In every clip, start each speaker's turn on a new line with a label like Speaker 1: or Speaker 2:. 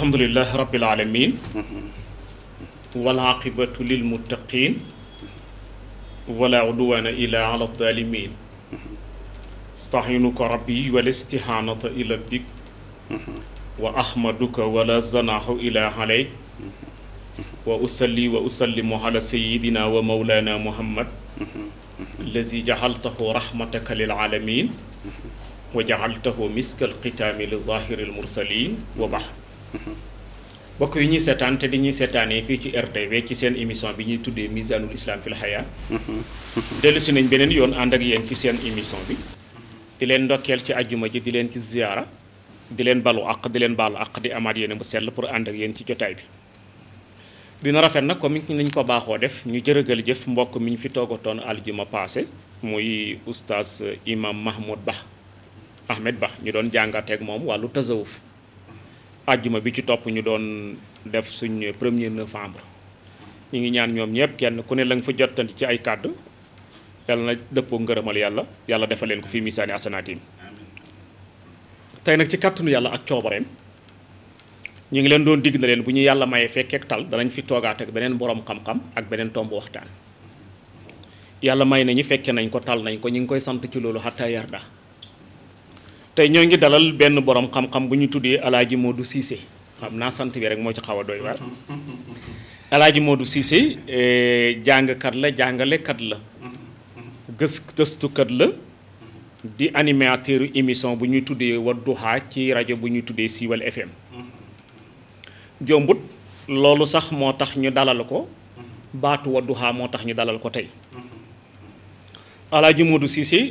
Speaker 1: الحمد لله رب العالمين والعاقبة للمتقين ولا عدوان إلا على الظالمين استعينك ربي والاستحانة إلى بك وأحمدك ولا زناح إلى عليك وأسلي وأسلم على سيدنا ومولانا محمد الذي جعلته رحمتك للعالمين وجعلته مسك القتام لظاهر المرسلين وبحر mbokk yi ñuy seetaan te di ñuy seetaanee fii ci RTV ci seen émission bi ñuy tuddee Mizanul Islam fil Haya dellu si nañ beneen yoon ànd ak yéen ci seen émission bi di leen ndokkeel ci ajjuma ji di leen ci ziyaara di leen balu àq di leen balu àq di amaat yéen bu sell pour ànd ak yéen ci jotaay bi dina rafet nag comme ni ñu ko baaxoo def ñu jërëgal jëf mbokk mi ñu fi toogatoon aljuma passé muy oustaz imam Mahmoud Ba Ahmed Ba ñu doon jàngateeg moom wàllu tasawuf àjjuma bi ci topp ñu doon def suñ premier novembre ñu ngi ñaan ñoom ñëpp kenn ku ne lañ nga fa jottandi ci ay kàddu yàlla na dëppoo ngërëmal yàlla yàlla defal leen ko fii misaani asanaatim tey nag ci kàttanu yàlla ak coobareem ñu ngi leen doon digg na leen bu ñu yàlla mayee fekkeek tal danañ fi toogaat beneen boroom xam-xam ak beneen tomb waxtaan yàlla na nañu fekkee nañ ko tal nañ ko ñu ngi koy sant ci loolu xataa yarda tey ñoo ngi dalal benn borom xam-xam bu ñu tuddee Alaaji du Cissé xam naa sant bi rek moo ci xaw a doy waar Alaaji Modou Cissé eh, jàngkat la jàngalekat la gës gëstukat la di animateur émission bu ñuy tuddee Wadduha ci rajo bu ñuy tuddee Siiwal FM jombut loolu sax moo tax ñu dalal ko baatu Wadduha moo tax ñu dalal ko tey Alaaji Modou Cissé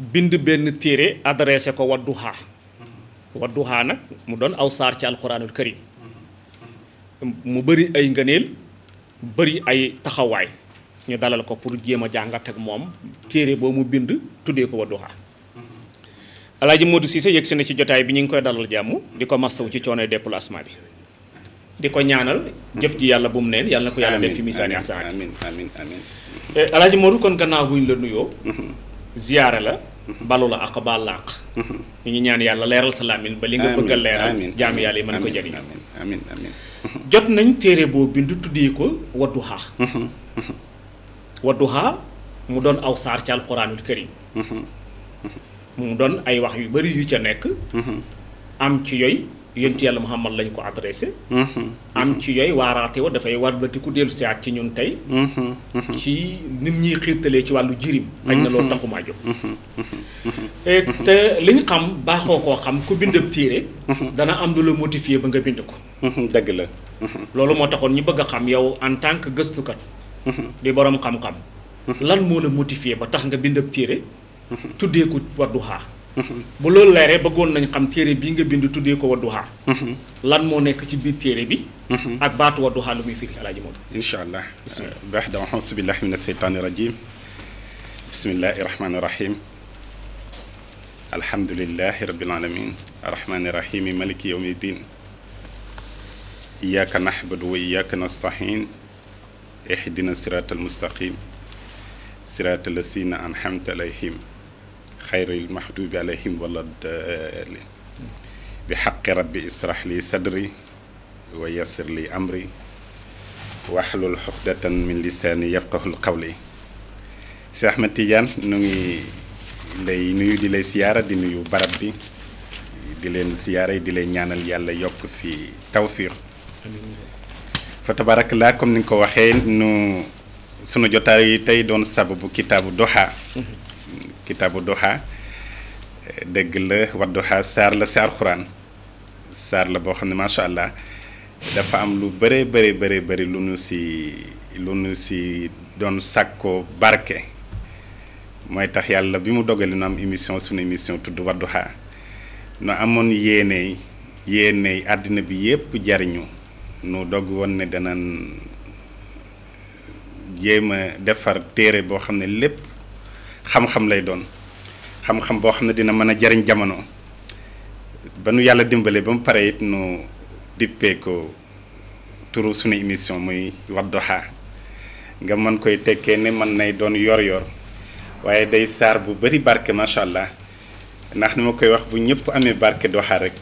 Speaker 1: bind ben téré adressé ko wadduha wadduha nak mu don aw saar ci alquranul karim mu bari ay ngëneel bari ay taxaway ñu dalal ko pour jema jangat ak mom téré bo mu bind tuddee ko wadduha alaaji modou sise yegsi na ci jotay bi ñi ngi koy dalal jamm diko massaw ci coono déplacement bi diko ñaanal jëf ji yalla bu mu neen yàlla ko def fi misani
Speaker 2: amin amin amin eh, alaaji
Speaker 1: modou kon gannaaw buñ la nuyo mm-hmm. ziyaare la balu la ak baal la ak
Speaker 3: mm-hmm.
Speaker 1: ñu ñaan yàlla leeral sa làmmiñ ba li nga bëgg a leeral jaam yàlla yi mën ko jariñ amin amin jot nañ téere boo bindu tuddee ko Wadduha mm-hmm. Wadduha mu doon aw saar ci alquranul karim mm-hmm. mu doon ay wax yu bari yu ca nekk am ci yooyu yonent yàlla Muhammad lañ ko adressé. Mm-hmm. am ci yooyu waaraate wa dafay war ba te ku dellu si waat ci ñun tey. Mm-hmm. Mm-hmm. ci nit ñiy xiirtalee ci wàllu jirim. xañ na loolu taxumaa jóg. Eh, te li ñu xam baaxoo ko xam ku bind ab téere dana am lu la motifier ba nga bind ko. dëgg la. loolu moo taxoon ñu bëgg a xam yow en tant que gëstukat. di borom xam-xam. lan moo la motifier ba tax nga bind ab tuddee ko Wadduha bu loolu leeree bëggoon nañ xam téere bi nga bind tuddee ko Wadduha lan moo nekk ci biir téere bi ak baatu Wadduha lu muy firi alaaji Maodo
Speaker 2: incha allah baax dama xamsu billahi min asheytaani rajim bismillahi rahmaani rahim alhamdulilahi rabbil alamin arrahmaani rahimi maliki yawmi ddin iyaaka nahbadu wa iyaaka nastahin ihdina siraat almustaqim siraat allasina anhamta alayhim خير المحدود عليهم ولد بحق ربي اسرح لي صدري ويسر لي امري واحلل حقدة من لساني يفقه القول سي احمد تيجان نوي لي نوي دي لي سياره دي نوي برب دي di leen ziyaare di leen ñaanal yàlla yokk fi tawfiq fa tabarak la comme ni ko waxee nu sunu jotaay tey doon sabab kitaabu doxa mm -hmm. kitaabu duha dëgg la wadduha saar la si alxuraan saar la boo xam ne macha allah dafa am lu bëree bëri bëri bëri lu nu si lu nu si doon sàkkoo barke mooy tax yàlla bi mu dogalee nu am émission suñu émission tudd wadduha nu amoon yéene yéene àddina bi yépp jariñu nu dogg woon ne danañ jéem a defar téere boo xam ne lépp xam-xam lay doon xam-xam boo xam ne dina mën a jariñ jamono ba nu yàlla dimbale ba mu pare it nu dippee ko turu sunu émission muy Wadduha nga mën koy tekkee ne mën nay doon yor-yor waaye day saar bu bari barke macha allah ndax ni ma koy wax bu ñëpp amee barke doxa rek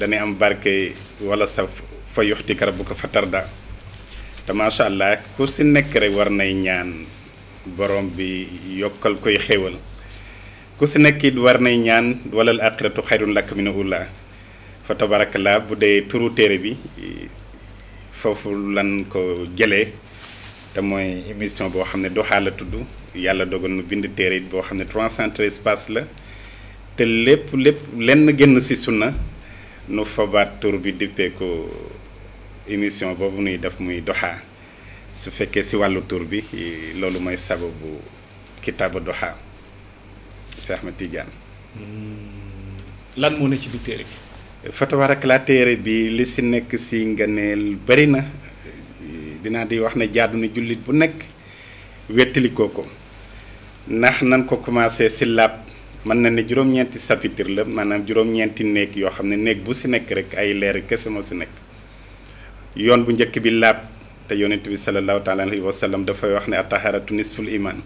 Speaker 2: danay am barke walla sa fa yoxti karab bu ko fa tarda te macha allah ku nekk rek war nay ñaan. borom bi yokkal koy xéewal ku si nekk du war nay ñaan walal aqiratu xayrun lakk mina foto fa tabarakallaa bu dee turu téere bi foofu lan ko jële te mooy émission boo xam ne Duha la tudd yàlla dogal nu bind téere it boo xam ne 313 pass la te lépp lépp lenn génn si sunna nu fabaat tur bi dippee ko émission boobu nuy def muy doxaa su fekkee si wàllu tur bi loolu mooy sababu kitaabu Duha Cheikh Ahmed Tidiane. Hmm.
Speaker 1: lan moo ne ci biir téere
Speaker 2: bi. fatabarak la téere bi li si nekk si ngëneel bari na dinaa di wax ne jaadu na jullit bu nekk wettalikoo ko ndax nan ko commencé si laab mën na ne juróom-ñeenti chapitre la maanaam juróom-ñeenti néeg yoo xam ne néeg bu si nekk rek ay leer kese moo si nekk yoon bu njëkk bi laab. te yonent bi sallallahu taala alayhi dafay wax ne ataharatu nisful iman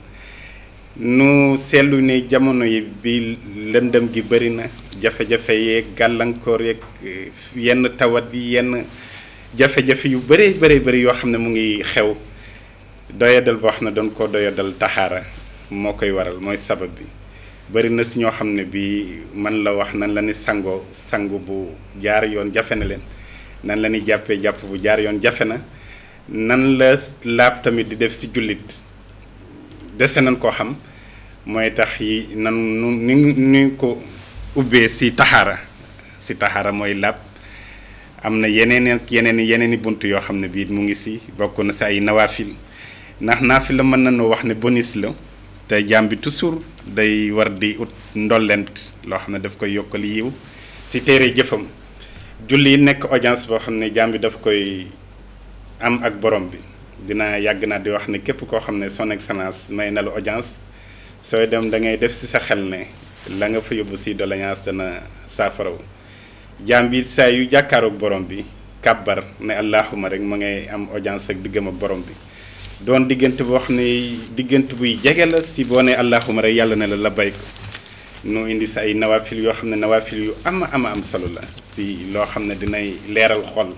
Speaker 2: nu seetlu ni jamono yi bi lëndëm gi bari na jafe-jafe yeeg gàllankoor yeeg eh, yenn tawat yi yenn jafe-jafe yu bëree bëri bëri yoo xam ne mu ngi xew doyadal boo xam ne doon ko doyadal taxaara moo koy waral mooy sabab bi bari na si ñoo xam ne bi man la wax nan la ni sangoo sangu bu jaar yoon jafe na leen nan la ni jàppee jàpp bu jaar yoon jafe na nan la laab tamit di def ci jullit dese nañ koo xam mooy tax yi nan nu ni nu ko ubbee ci taxaara ci taxaara mooy laab am na yeneen ak yeneen yeneen i bunt yoo xam ne bii mu ngi ci bokk na ci ay nawaafil ndax la mën nañoo wax ne bonus la te jaam bi day war di ut ndollent loo xam ne daf koy yokkal yiw ci téere jëfam julli nekk audience boo xam ne jàmbi daf koy am ak borom bi dina yàgg naa di wax ne képp koo xam ne son excellence may na la audience sooy dem da ngay def si sa xel ne la nga fa yóbbu ci doléance dana saafarawu jaam bi saa yu jàkkaaroog borom bi kàbbar ne allahuma rek ma ngay am audience ak diggam ak borom bi doon diggante boo xam ne diggante buy jege la ci boo ne allahuma rek yàlla ne la la bay ko nu indi sa ay nawafil yoo xam ne nawafil yu am ama am solo la si loo xam ne dinay leeral xol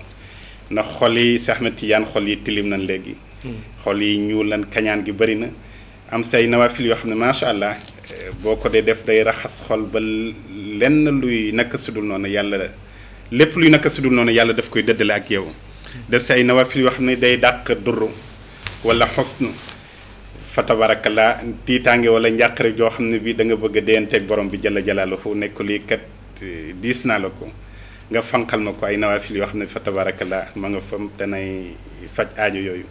Speaker 2: ndax xol yi Cheikh Ahmed Tidiane xol yi tilim nañ léegi. xol yi ñuul nañ kañaan gi bari na am say nawafil yoo xam ne macha allah boo ko dee def day raxas xol ba lenn luy naka sudul noonu yàlla lépp luy naka sudul noonu yàlla daf koy dëddale ak yow. def say nawafil yoo xam ne day dàq duru wala xosnu fa tabarakallah tiitaange wala njàqare joo xam ne bii da nga bëgg a deyanteeg borom bi jalla jalaaluhu nekk lii kat diis naa la ko. nga fanqal ma ko ay nawafil yoo xam ne fa tabarakallah ma nga fa danay faj aajo yooyu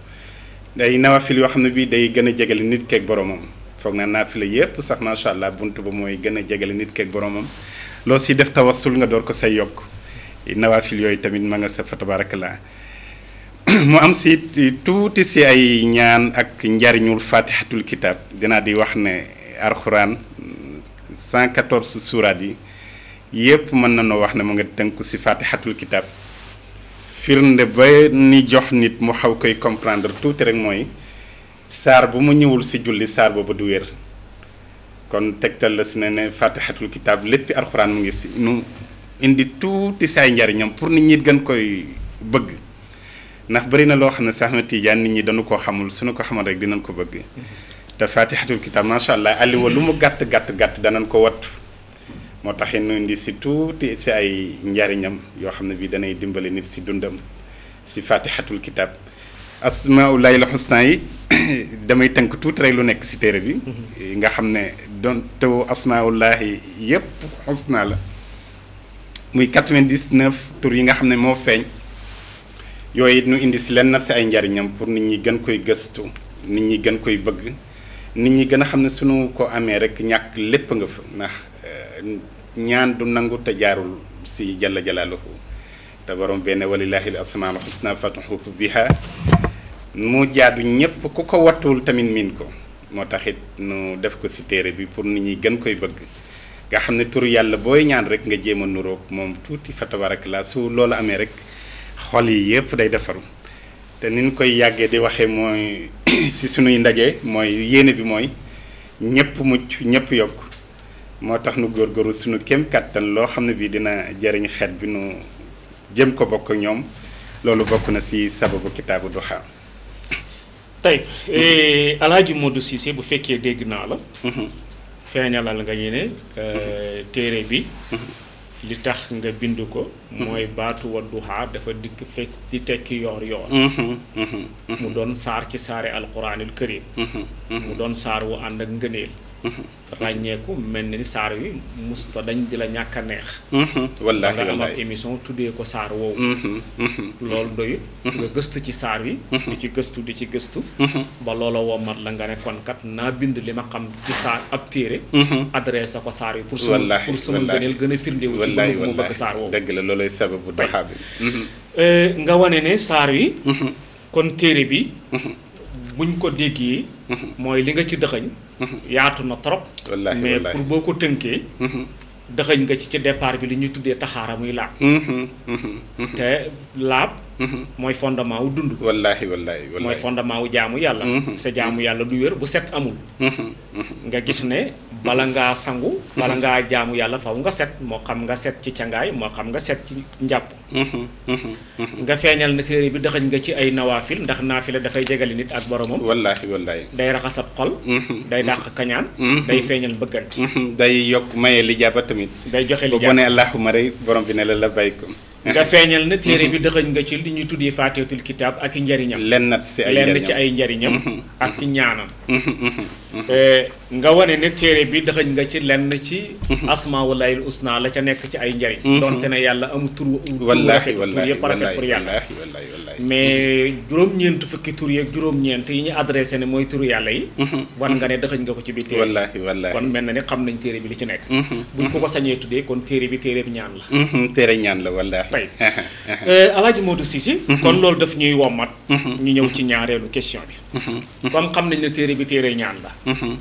Speaker 2: day nawafil yoo xam ne bii day gën a jegale nit keeg boromam foog naa naafila yépp sax macha allah bunt ba mooy gën a jegale nit keeg boromam loo si def tawasul nga door ko say yokk nawafil yooyu tamit ma nga sa fa tabarakallah mu am si tuuti si ay ñaan ak njariñul fatihatul kitab dinaa di wax ne alxuraan 114 suuraat yi yépp mën na wax ne mu nga tënku si fatihatul kitab firnde ba ni jox nit mu xaw koy comprendre tuuti rek mooy saar bu mu ñëwul si julli saar boobu du wér kon tegtal la si ne ne fatihatul kitab léppi alquran mu ngi si nu indi tuuti saay njariñam pour nit ñi gën koy bëgg ndax bari na loo xam ne sax na tijaan nit ñi dañu ko xamul suñu ko xamal rek dinañ ko bëgg te fatihatul kitab macha allah aliwa lu mu gàtt gàtt gàtt danañ ko wattu moo tax ñu indi si tuuti si ay njariñam yoo xam ne bii danay dimbale nit si dundam si fatihatul kitab asmaulaay la xusna yi damay tënk tuuti rek lu nekk si téere bi mm-hmm. nga xam ne doon tew asmaullahi yépp xusna la muy 99 tour yi nga xam ne moo feeñ yooyu it ñu indi si lenn si ay njariñam pour nit ñi gën koy gëstu nit ñi gën koy bëgg nit ñi gën a xam ne suñu ko amee rek ñàkk lépp nga fa ndax eh, ñaan du nangu te jaarul si jalla jalaaluhu te borom benn walillaahi asmaal xusna fatuhu biha mu jaadu ñépp ku ko wattuwul tamit miin ko moo tax it nu def ko si téere bi pour nit ñi gën koy bëgg nga xam ne tur yàlla booy ñaan rek nga jéem a nuroog moom tuuti fa tabarak la su loolu amee rek xol yi yëpp day defaru te ni ñu koy yàggee di waxee mooy si sunuy ndaje mooy yéene bi mooy ñëpp mucc ñëpp yokk moo tax nu góor góorgóorlu sunu kem kàttan loo xam ne bii dina jariñ xeet bi nu jëm ko bokk ñoom loolu bokk na si sababu kitaabu duha
Speaker 1: tey eh, Alaaji Modou Cissé bu fekkee dégg naa la mm-hmm. feeñalal nga ñu eh, téere bi mm-hmm. li tax nga bind ko mooy baatu wadduha dafa dikk fekk di tekki yoor yoor mu doon saar ci saari alquranil karim mu doon saar wu ànd ak ngëneel ràññeeku mel na ni saar wi musta dañ di la ñàkk a neex. Mm-hmm. wallaahi nga am tuddee ko saar woowu. Mm-hmm. Mm-hmm. loolu doyut. nga gëstu ci saar wi. di ci gëstu di ci gëstu. ba loola woomat la nga ne kon kat naa bind li ma xam ci saar ab téere. adressé ko saar wi. pour sama pour sama gëneel gën a firndewu. wallaahi wallaahi ci bëgg saar woowu dëgg la loolay sababu doxaa eh, nga wane ne saar wi. kon téere bi. buñ ko déggee. mooy li nga ci dëxëñ. yaatu na trop. mais pour boo ko tënkee. Mhm. dëxëñ nga ci ci départ bi li ñuy tuddee taxaara muy laab. Mhm, mhm, te laab. Mm-hmm. mooy fondement wu dund. wallaahi wallaahi wallaahi mooy fondement wu jaamu yàlla. Mm-hmm. sa jaamu yàlla du wér bu set amul. Mm-hmm. nga gis ne bala ngaa sangu. bala ngaa jaamu yàlla faw nga set moo xam nga set ci cangaay moo xam nga set ci njàpp. nga feeñal na téere bi dëxëñ nga ci ay nawaafil ndax naa la dafay jegali nit ak boromam. wallaahi wallaahi. day raxasab xol.
Speaker 2: day dàq kañaan. day feeñal bëggante. day yokk maye li jàpp tamit. day joxe li jàpp ba bu ne allahumma rek borom bi ne la la bàyyi ko. nga seeñal na téere bi
Speaker 1: mhm. dëxëñ nga ci li ñuy tuddee faateetul kitaab ak i njariñam lenn ci ay njariñam ci ay njariñam mhm. ak ñaanam
Speaker 2: mhm.
Speaker 1: Eh, nga wane ne téere bi daxañ nga ci lenn ci mhm. asma walayil usna la ca nekk ci ay njariñ mhm. donte ne yàlla amu tur wallaahi tur yëpp parfait pour yàlla mais mhm. juróom-ñeent fukki tur yeeg juróom-ñeent yi ñu adressé ne mooy turu yàlla yi wan nga ne daxañ nga ko ci biir téere wallaahi wallaahi kon mel na ne xam nañ téere bi li ci nekk buñ ko ko sañee kon téere bi téere bi ñaan la
Speaker 2: téere ñaan la wallaahi tey
Speaker 1: eh, alaaji Modou Cissé kon loolu daf ñuy wommat ñu ñëw ci ñaareelu question bi comme xam nañ ne téere bi téere ñaan la Mm-hmm.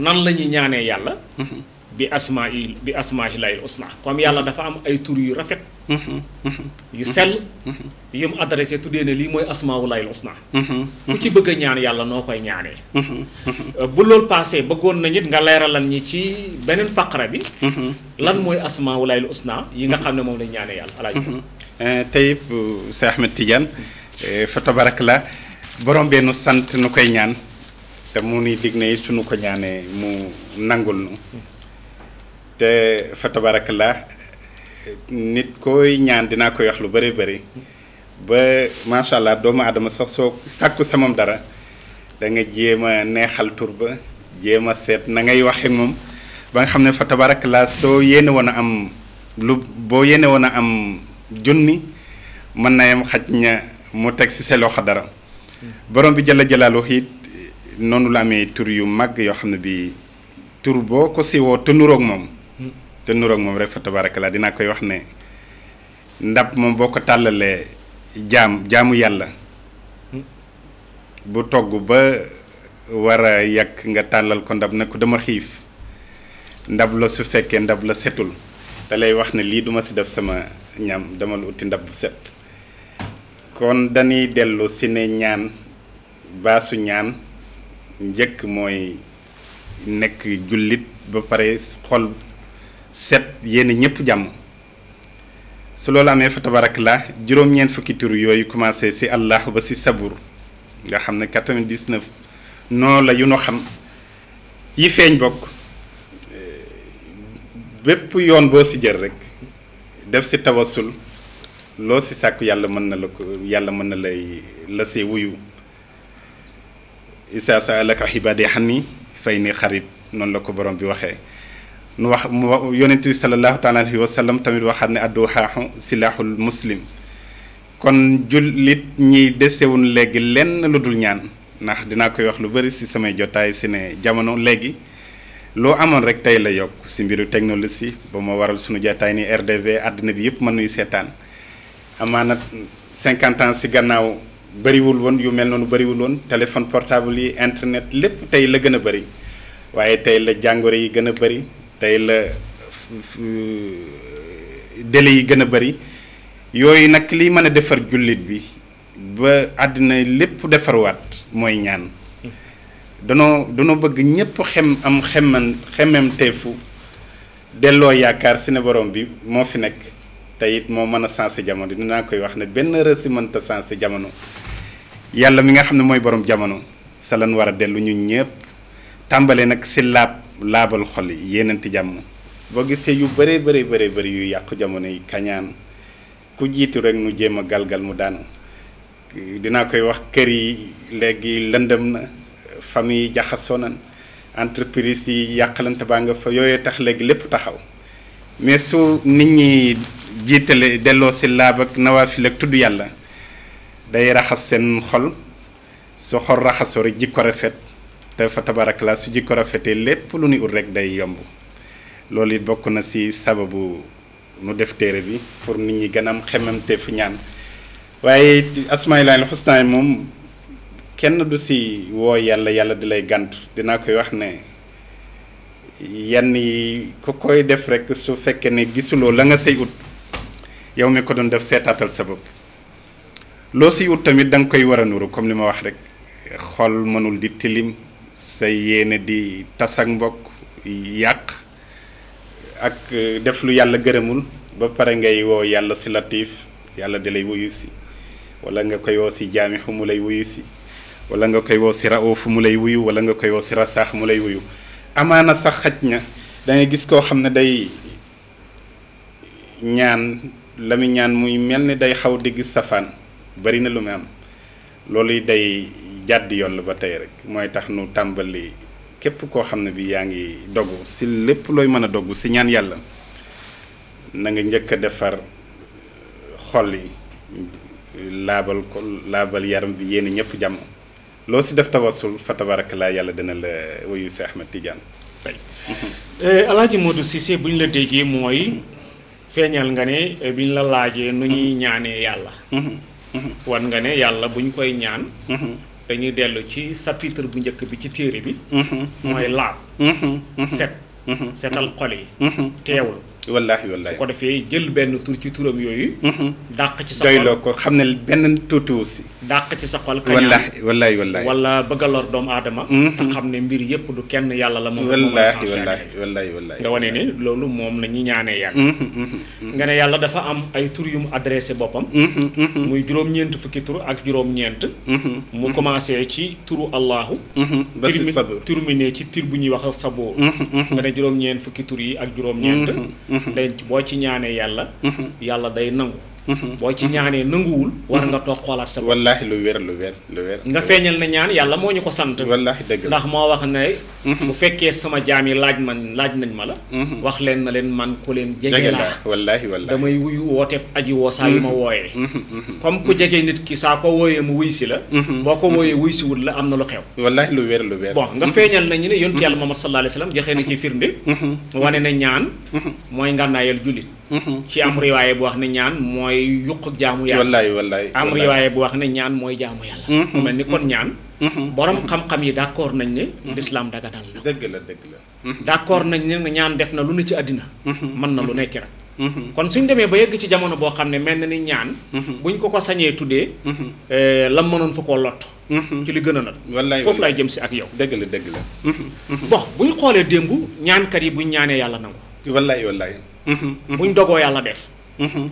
Speaker 1: nan la ñuy ñaanee yàlla. Mm-hmm. bi asmaa yi bi asmaa yi layil usna comme yàlla dafa am ay tur yu rafet. Mm-hmm. yu sell. yu mu adressé lii mooy asmaa wu layil usna ku ci bëgg a ñaan yàlla noo koy ñaanee. bu loolu paasee bëggoon na nit nga leeralal ñi ci beneen faqra bi. lan mooy asmaa wu
Speaker 2: layil usna yi nga xam ne moom lañ ñaanee yàlla alaaj. Eh, tey Cheikh Ahmed Tidiane eh, fa tabarak la borom benn sant nu koy ñaan. te mu ni dig ne sunu ko ñaanee mu nangul nu te fa tabarakallah nit koy ñaan dina koy wax lu bari bari ba sha allah ma adama sax sok sakku samam dara da nga jema neexal tur ba jéem a na ngay waxe mom ba nga fa tabarakallah am lu bo yene wona am junni mana na yam xaj mu tek ci sa lo xadara hmm. borom bi jalla jalaluhu noonu la amee tur yu mag yoo xam ne bii tur boo ko siwoo te nuroog moom hmm. te nuroog moom rek fa tabarakallah dinaa koy wax ne ndab moom boo ko tàllalee jaam jaamu yàlla hmm. bu togg ba war a yàq nga tàllal ko ndab na ko dama xiif ndab la su fekkee ndab la setul da lay wax ne lii duma si def sama ñam dama lu uti ndab bu set kon dañuy dellu si ne ñaan baasu ñaan njëkk mooy nekk jullit ba pare xol set yenn ñëpp jàmm su loolu amee fa tabarak la juróom-ñeent fukki yooyu commencé si allah ba si sabur nga xam ne 99 noo la yu nu xam yi feeñ bokk bépp yoon boo si jël rek def si tawasul loo si sàkku yàlla mën na la ko yàlla mën na lay la see wuyu isa saalaka xibaadi xanni fay ni xarib noonu la ko borom bi waxee nu wax mu yonent bi salallaahu taala alayhi sallam tamit waxaat ne addu xaaxu silaaxul muslim kon jullit ñiy desewun léegi lenn lu dul ñaan ndax dinaa koy wax lu bëri si samay jotaay si ne jamono léegi loo amoon rek tey la yokk si mbiru technologie ba ma waral sunu jotaay ni RDV àddina bi yëpp mën nuy seetaan amaana 50 ans si gannaaw bëriwul woon yu mel noonu bariwul woon téléphone portable yi internet lépp tey la gën a bëri waaye tey la jàngoro yi gën a bëri tey la euh, délai yi gën a bëri yooyu nag liy mën a defar jullit bi ba àddina lépp defarwaat mooy ñaan danoo danoo bëgg ñépp xem am xemman xemmemteefu delloo yaakaar si ne borom bi moo fi nekk te it moo mën a sensé jamono dinaa koy wax ne benn rësi mënta sensé jamono yàlla mi nga xam ne mooy borom jamono sa lan war a dellu ñu ñëpp tàmbale nag si laab laabal xol yi yéenanti jàmm boo gisee yu bëree bëree bëree bëri yu yàqu jamono yi kañaan ku jiitu rek nu jéem a galgal mu daan dinaa koy wax kër yi léegi lëndëm na famille jaxasoo nañ entreprise yi yàqalante baa nga fa yooyu tax léegi lépp taxaw mais nit ñi jiitale delloo si laab ak nawaafil ak tudd yàlla day raxas seen xol su xol raxasoo rek jikko rafet te fa su jikko rafetee lépp lu nu ut rek day yomb loolu it bokk na si sababu nu def téere bi pour nit ñi gën a am fu ñaan waaye asmaa ilaahi xusnaa moom kenn du si woo yàlla yàlla di lay gàntu dina koy wax ne yenn yi ku koy def rek su fekkee ne gisuloo la nga say ut yow mi ko doon def seetaatal sa bopp loo si wut tamit da nga koy war a nuru comme li ma wax rek xol mënul di tilim sa yéene di tas ak mbokk yàq ak euh, def lu yàlla gërëmul ba pare ngay woo yàlla si latif yàlla di lay wuyu si wala nga koy woo si jaami mu lay wuyu si walla nga koy woo si ra raoofu mu lay wuyu wala nga koy woo si rasaax mu lay wuyu amaana sax xaj na da gis koo xam ne day ñaan la muy ñaan muy mel ni day xaw di gis safaan bari na lu muy am loolu yi day jàdd yoon la ba tey rek mooy tax nu tàmbali képp koo xam ne bi yaa ngi dogu si lépp looy mën a dogu si ñaan yàlla na nga njëkk a defar xol yi laabal ko laabal yaram bi yéen ñëpp jàmm loo si def tawasul fa tabarakalaa yàlla dina la wuyu si Ahmed Tidiane tey
Speaker 1: eh, Alaaji Modou Cissé bu ñu la déggee mooy feeñal nga ne eh, biñ la laajee nu ñuy mm-hmm. ñaanee yàlla mm-hmm. Mm-hmm. wan nga ne yàlla buñ koy ñaan dañuy dellu ci chapitre bu njëkk bi ci téere bi mooy laab set setal xol yi teewul wallaahi wallaahi su ko defee jël benn tur ci turam yooyu. Mhm. dàq ci sa xol doyloo ko xam ne
Speaker 2: benn tuuti aussi.
Speaker 1: dàq ci sa xol kañaan wallaahi
Speaker 2: wallaahi wallaahi. wala
Speaker 1: bëgg a doomu aadama. Mhm. te xam ne mbir yëpp du kenn yàlla la moom. wallaahi wallaahi
Speaker 2: wallaahi wallaahi nga
Speaker 1: wane ne loolu moom la ñuy ñaanee yàlla.
Speaker 2: Mhm,
Speaker 1: nga ne yàlla dafa am ay tur yu mu adressé boppam. muy juróom-ñeent fukki tur ak juróom-ñeent. mu commencé ci turu Allahu. ba ci saboo terminé ci tur bu ñuy wax saboo. nga ne juróom-ñeent fukki tur yi ak juróom-ñeent. Mm-hmm. day boo ci ñaanee yàlla mm-hmm. yàlla day nangu Mhm. boo ci ñaanee nanguwul. war nga toog xoolaat sa bopp.
Speaker 2: wallaahi lu wér lu weer lu wér. nga feeñal
Speaker 1: na ñaan yàlla moo ñu ko sant. wallaahi dëgg ndax moo wax ne. Mhm. bu fekkee sama jaam yi laaj man laaj nañ ma la. Mhm. wax leen na leen man ku leen. jege laa wallaahi wallaahi damay wuyu wooteef aji woo saa yu ma wooyee. comme ku jege nit ki saa wooyee mu wuy si la. boo ko wooyee wuy si la am na lu xew.
Speaker 2: wallaahi lu wér lu wér. bon nga feeñal
Speaker 1: nañu ne yonent yàlla Muhammad sallallahu alayhi wa sallam joxe na ci firnde. wane na ñaan. mooy ngànnaayal jullit ci am riwaaye bu wax ne ñaan mooy yuq jaamu yàlla wallaay wallaay am riwaaye bu wax ne ñaan mooy jaamu yàlla mm-hmm. mu mel ni kon ñaan mm-hmm. borom xam-xam yi d'accord nañ ne mm-hmm. l'islam daganal na dëgg la dëgg la d'accord nañ ne ñaan def na lu ci àddina mën na lu nekk rek kon suñ demee ba yegg ci jamono boo xam ne mel na ni ñaan buñ ko ko sañee tuddee eh, lam mënoon fa koo lott ci li gën a nat wallaay foofu laay jëm si ak yow dëgg la dëgg la bu ñu xoolee démb ñaankat yi buñ ñaanee yàlla nangu wallaay wallaay buñ dogoo yàlla def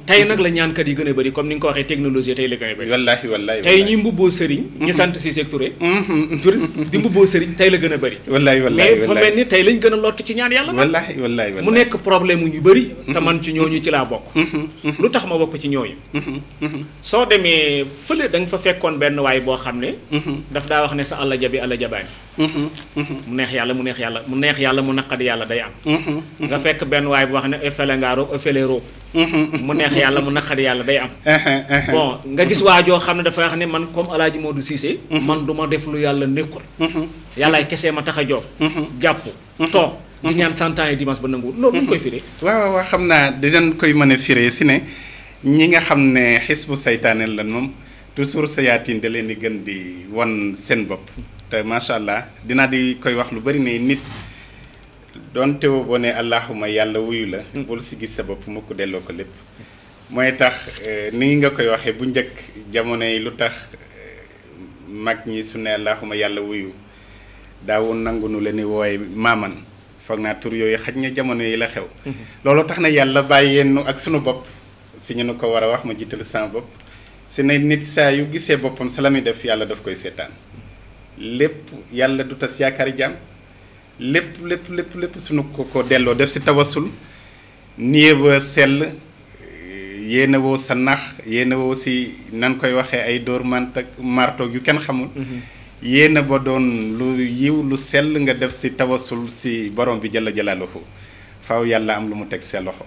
Speaker 1: tey nag la ñaankat yi gën a bëri comme ni nga ko waxee technologie tey la gën a bëri. wallaahi wallaahi tey ñi mbubboo sëriñ. ñi mm-hmm. sant si Seex Ture. tur di mbubboo sëriñ tey la gën a bëri.
Speaker 2: wallaahi wallaahi mais fa mel
Speaker 1: tey lañ gën a lott ci ñaan yàlla. wallaahi wallaahi mu nekk problème mu ñu bëri. Mm-hmm. te man ci ñooñu ci laa bokk. Mm-hmm. lu tax ma bokk ci ñooñu. soo demee fële da nga fa fekkoon benn waay boo xam ne. daf daa wax ne sa àll jabi àll jabaani. mu neex yàlla mu neex yàlla mu neex yàlla mu naqadi yàlla day am. nga fekk benn waay boo xam ne efele ngaaro efele roog mu neex yalla mu naqar yalla day am
Speaker 3: eh, eh, eh. bon nga gis
Speaker 1: waa joo xam dafa wax ni man comme alaaji Modou Cissé mhm. man duma def lu yalla nekkul mhm. mhm. ay kessé ma tax a jox di ñaan cent ans yi dimanche ba nanguwul lolu ngui koy firee
Speaker 2: wa wa xam naa dinañ koy mëna firé firee si ñi nga xamne hisbu xisbu lan mom toujours sa de leni gën di wan sen bop te machallah dina di koy wax lu bari ne nit donte woo boo ne allahuma yàlla wuyu la. bul si gis sa bopp mu ko delloo ko lépp. mooy tax eh, ni nga koy waxee bu njëkk jamono yi lu tax eh, mag ñi su ne allahuma yàlla wuyu daawoon nangu nu la ni woy maaman foog naa tur yooyu xaj na jamono yi la xew. loolu tax na yàlla bàyyee nu ak sunu bopp si ñu ko war a wax ma jiital sama bopp si ne nit saa yu gisee boppam sa la muy def yàlla daf koy seetaan lépp yàlla du tas yaakaari jaam. lépp lépp lépp lépp suñu ko ko delloo def si tawasul niye ba sell yéene woo sa nax yéene woo si nan koy waxee ay dóor mant ak marto yu kenn xamul mm-hmm. yéene ba doon lu yiw lu sell nga def si tawasul si borom bi jëla jëlaaluhu faaw yàlla am lu mu teg sa loxo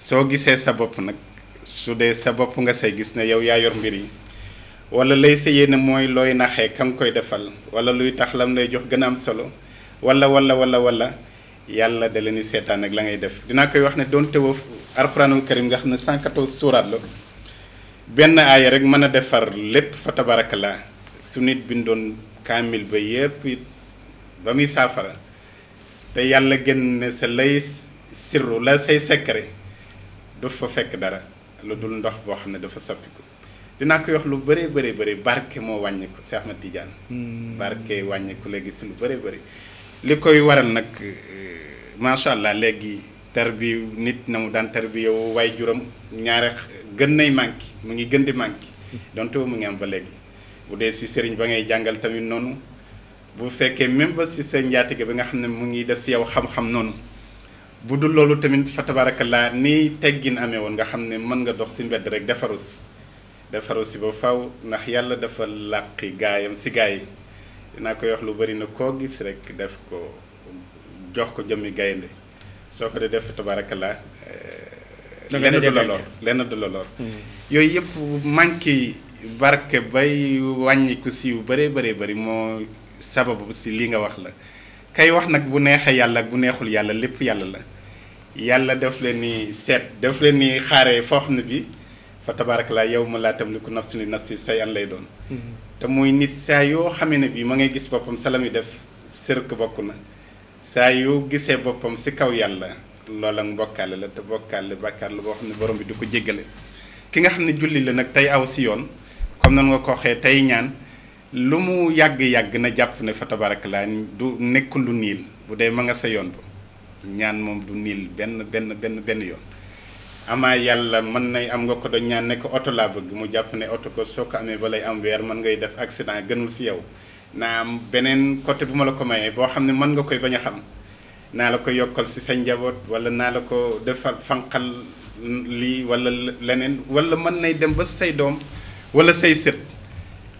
Speaker 2: soo gisee sa bopp nag su dee sa bopp nga say gis ne yow yaa yor mbir yi wala lay sa yéene mooy looy naxee ka nga koy defal wala luy tax lam lay jox gën a am solo wala wala wala wala yàlla da leen di seetaan ak la ngay def dinaa koy wax ne doon tëwëf alxuraanul karim nga xam ne 114 suuraat la benn aaya rek mën a defar lépp fa tabarakallah su nit bindoon kaamil ba yépp it ba muy saafara te yàlla génne sa lay sirru la say secret du fa fekk dara lu dul ndox boo xam ne dafa soppiku dinaa koy wax lu bëree bëri bëri barke moo wàññiku Cheikh Ahmed Tidiane barke wàññiku la gis lu bëree bëri li koy waral nag euh, macha allah léegi tarbi nit na mu daan tarbi waaye waay juram ñaare gën nay manqué mu ngi gën di manqué donte mu ngi am ba léegi bu dee si sëriñ ba ngay jàngal tamit noonu bu fekkee même ba si sa njaatige bi nga xam ne mu ngi def si yow xam-xam noonu bu dul loolu tamit fa tabaarakallaa ni teggin amee woon nga xam ne mën nga dox si mbedd rek defaru si defaru si ba faw ndax yàlla dafa làqi gaayam si gaay yi dinaa koy wax lu bari na koo gis rek def ko jox ko jëmmi gaynde soo ko dee def tabarakallah eh, lenn du la lor lenn du la lor yooyu yëpp mànk barke bay wàññiku si yu bëree bëree bëri moo sababu si li nga wax la kay wax nag bu neexee yàlla bu neexul yàlla lépp yàlla la yàlla def leen ni seet def leen ni xaaree foo xam ne bi fa tabarakallah yow ma laa tamliku nafsun li si say an lay doon hmm. mooy nit saa yoo xamee ne bii ma ngay gis boppam sa la muy def sërk bokk na saa yoo gisee boppam si kaw yàlla loola mbokkaale la te bokkaale bàkkaar la boo xam ne borom bi du ko jéggale ki nga xam ne julli la nag tey aw si yoon comme nan nga ko waxee tey ñaan lu mu yàgg-yàgg na jàpp ne fa tabarakalaa du nekkul lu niil bu dee ma nga sa yoon ba ñaan moom du niil benn benn benn benn yoon amaa yàlla mën nay am nga ko doon ñaan ne ko oto laa bëgg mu jàpp ne oto ko soo ko amee ba lay am weer mën ngay def accident gënul si yow naa am beneen côté bu ma la ko mayee boo xam ne mën nga koy bañ a xam naa la ko yokkal si say njaboot wala naa la ko defal fanqal lii walla leneen wala mën nay dem ba say doom wala say sët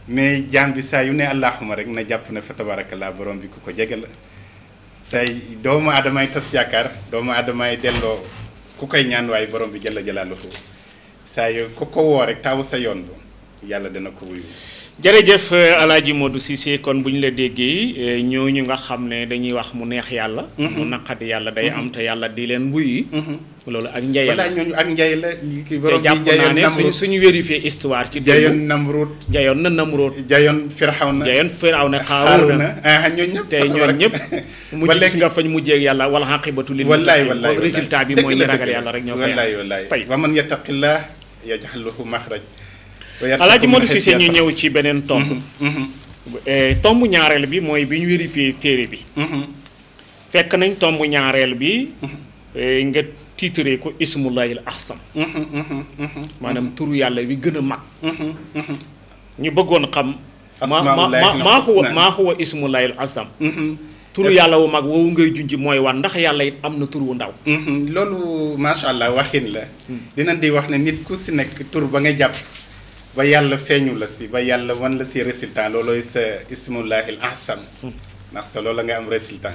Speaker 2: mais jaam bi saa yu ne allahuma rek na jàpp ne fa laa borom bi ku ko jege la tey doomu aadamaay tas yaakaar doomu aadamaay delloo ku koy ñaan waaye borom bi jëla jëlaalu ko saa yooyu ku ko woo rek taawu sa yoon bu yàlla dana ko wuyu
Speaker 1: jërëjëf euh, alaaji Modou Cissé kon bu ñu la déggee euh, ñu nga xam ne dañuy wax mu neex yàlla mm-hmm. mu naqadi yàlla day mm-hmm. am te yàlla di leen wuyu mm-hmm. loolu ak njay la ñooñu
Speaker 2: ak njay la kii borom bi jàpp naa ne suñu
Speaker 1: suñu vérifié histoire ci jayoon namroot jayoon na namroot jayoon firawna jayoon firawna xaaruna ah, ñooñu ñëpp te ñooñu ñëpp mujj gis nga fañ mujjee ak yàlla wala xaqibatu lil wallaay wallaay résultat bi mooy ñu ragal yàlla rek ñoo koy wallaay wallaay
Speaker 2: wa man yattaqillah yaj'al lahu maxraj alaaji modou cissé ñu ñew ci benen tomb mm-hmm, mm-hmm. eh, tomb ñaarel bi moy bi vérifier téré téere bi mm-hmm.
Speaker 1: fekk nañ tomb ñaarel bi eh, nga titré ko ismullahil ahsan manam turu yalla wi gëna mag ñu bëggoon xam ma huwa ma huwa ismullahil ahsan turu yalla wu mag
Speaker 2: woowu ngay junj moy wa ndax yalla it am turu tur wu ndaw loolu macha allah waxin la mm. dinañ di wax ne nit ku si nek tur ba nga japp ba yàlla feeñu la si ba yàlla wan la si résultat loolooy sa ismullahil ahsan ndax sa loola nga am résultat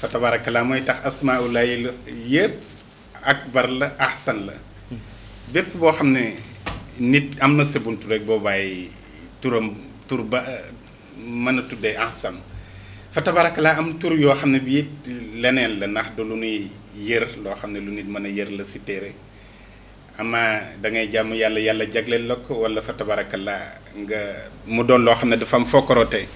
Speaker 2: fa tabarakallah mooy tax asmaullahi yëpp akbar la ahsan la bépp boo xam ne nit am na sa bunt rek boo bàyyi turam tur ba mën a tuddee ahsan fa tabarakallah am tur yoo xam ne bii leneen la ndax du lu nuy yër loo xam ne lu nit mën a yër la si téere ama da ngay jàmm yàlla yàlla jagleel la ko wala fa tabarakallah nga mu doon loo xam ne dafa am fokkorote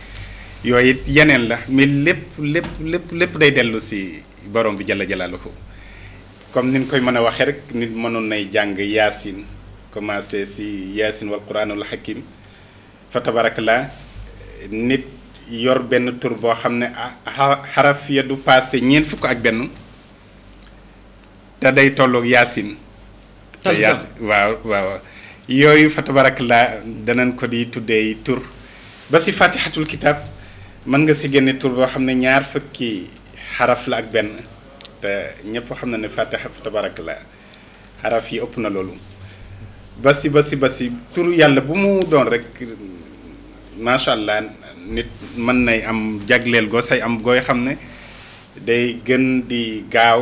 Speaker 2: yooyu it yeneen la mais lépp lépp lépp lépp day dellu si borom bi jalla jalaaluhu comme ni ñu koy mën a waxee rek nit mënoon nay jàng yaasin commencé si yaasin wal quranul hakim fa tabarakallah nit yor benn tur boo xam ne ah, xaraf ya du passé ñeent fukk ak benn te day tolloog yaasin te yaas waaw waaw yooyu fa la danañ ko di tuddee tur ba si fatihatul mën nga si génne tur boo xam ne ñaar fukki xaraf la ak benn te ñëpp xam na ne fatiha fa tabarakallah xaraf yi ëpp na loolu ba si ba tur yàlla bu mu doon rek macha allah nit mën nay am jagleel goo say am gooy xam ne day gën di gaaw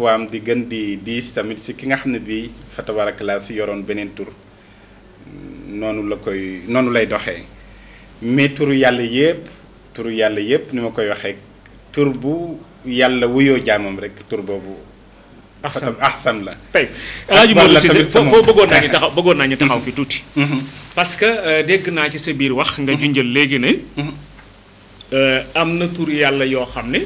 Speaker 2: poids am di gën di diis tamit ki nga xam ne bii fa tabarakallah si yoroon beneen tur noonu la koy noonu lay doxe mais turu yàlla yëpp yàlla yëpp ni ma koy waxee tur bu yàlla wuyoo jaamam rek tur boobu. ahsam ahsam la. tey El Hadj Modou Cissé foo bëggoon naa ñu
Speaker 1: taxaw bëggoon naa ñu taxaw fi tuuti. Mhm. parce que euh, dégg naa ci sa biir wax. nga mhm. junjal léegi ne. Mhm. Euh, am na tur yàlla yoo xam ne.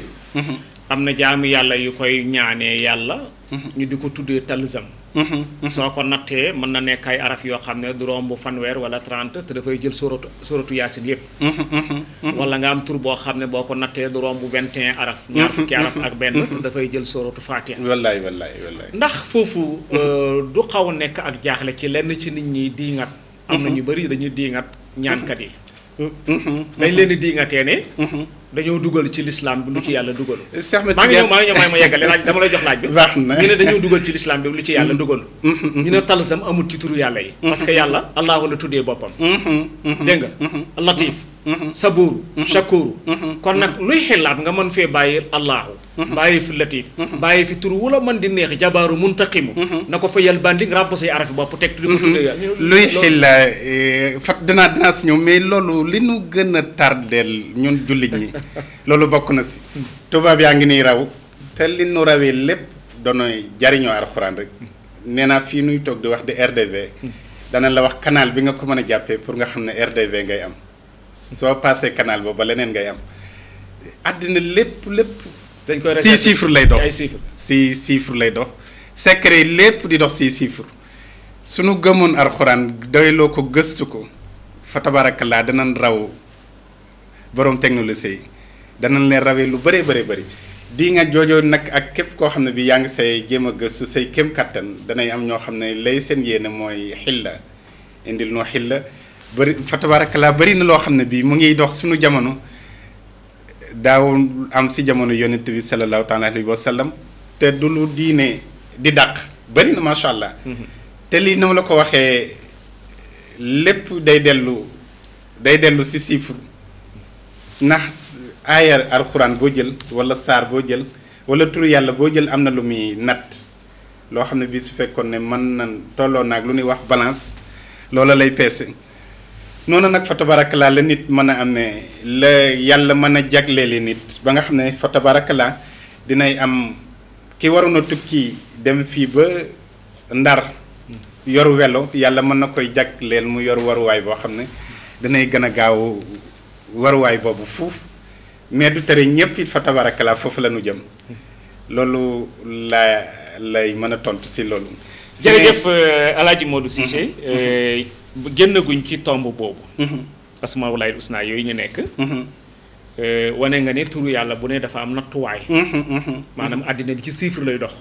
Speaker 1: am na jaami yàlla yu koy ñaanee yàlla mhm. ñu di ko tuddee talzam mhm. Mhm. soo ko nattee mën na nekk ay araf yoo xam ne du bu fanweer wala trente te dafay jël soo soratu yaasin yëpp wala nga am tur boo xam ne boo ko nattee du bu vingt et un araf ñaar fukki araf ak benn te dafay jël soo soratu faatiha wallaay wallaay wallaay ndax foofu euh, du xaw nekk ak jaaxle ci lenn ci nit ñi diingat am na ñu bëri dañuy diingat ñaankat yi dañ leen di ne dañoo dugal ci l'islam bi lu ci yàlla dugal eh, maa ngi ñëw maa ngi ñëw may ma yeggale laaj dama lay jox laaj bi ñu ne dañoo dugal ci l'islam bi lu ci yàlla mm-hmm. dugal mm-hmm. ñu ne talsam amul ci turu yàlla yi mm-hmm. parce que yàlla allahu la tuddee boppam dégg nga latif saburu shakuru kon nag luy xilaat nga mën fee bàyyi allahu bàyyi fi latif bàyyi fi turu wala man di neex jabaaru muntaqimu na ko fa yal bandi ràbb say arafi bopp teg di ko tuddee luy xilla
Speaker 2: eh, fat dinaa dinaa ñëw mais loolu li nu gën a tardeel ñun jullit ñi loolu bokk na si tubaab yaa ngi nii raw te li nu rawee lépp doonooy jariñoo alxuraan rek nee naa fii nuy toog di wax di RDV la wax kanaal bi nga ko mën a jàppee pour nga xam ne RDV ngay am soo passé canal boobu ba leneen ngay am àddina lépp lépp dañ koy six chiffres lay dox six chiffres lay dox secret lépp di dox si six su nu gëmoon alxuraan doyloo ko gëstu ko fa tabaarakallaa danañ raw borom technologie yi danañ leen rawee lu bëree bëri bari di nga joojoo nag ak képp koo xam ne bi yaa ngi say jéem a gëstu say kem kattan danay am ñoo xam ne lay seen yéene mooy xilla indil noo xilla bëri fa tabaarakallaa bëri na loo xam ne bii mu ngi dox suñu jamono daaw am si jamono yonent bi salallaahu taala alayhi wa te du lu diine di daq bëri na macha allah. Mm-hmm. te lii na la ko waxee lépp day dellu day dellu si chiffre ndax. aaya alxuraan boo jël wala saar boo jël wala turu yàlla boo jël am na lu muy natt loo xam ne bii su fekkoon ne mën na tolloo naag lu ñuy wax balance loola lay peese noonu nag fa tabarakalaa la nit mën a amee la yàlla mën a jagleeli nit ba nga xam ne fa tabarakalaa dinay am ki waroon a tukki dem fii ba ndar yor welo yàlla mën na koy jagleel mu yor waruwaay boo xam ne dinay gën a gaaw waruwaay boobu fuuf mais du tere ñëpp it fa tabarakalaa foofu lanu jëm loolu laa lay mën a tontu si loolu. jërëjëf El euh,
Speaker 1: Hadj Modou Cissé. Mhm. Euh,
Speaker 2: génnaguñ ci tomb boobu.
Speaker 1: parce mhm. que Mawlaay yooyu ñu nekk. Mhm. Euh, wane nga ne turu yàlla bu ne dafa am nattuwaay. Mm-hmm, mm-hmm. maanaam mm-hmm. àddina bi ci chiffre lay dox.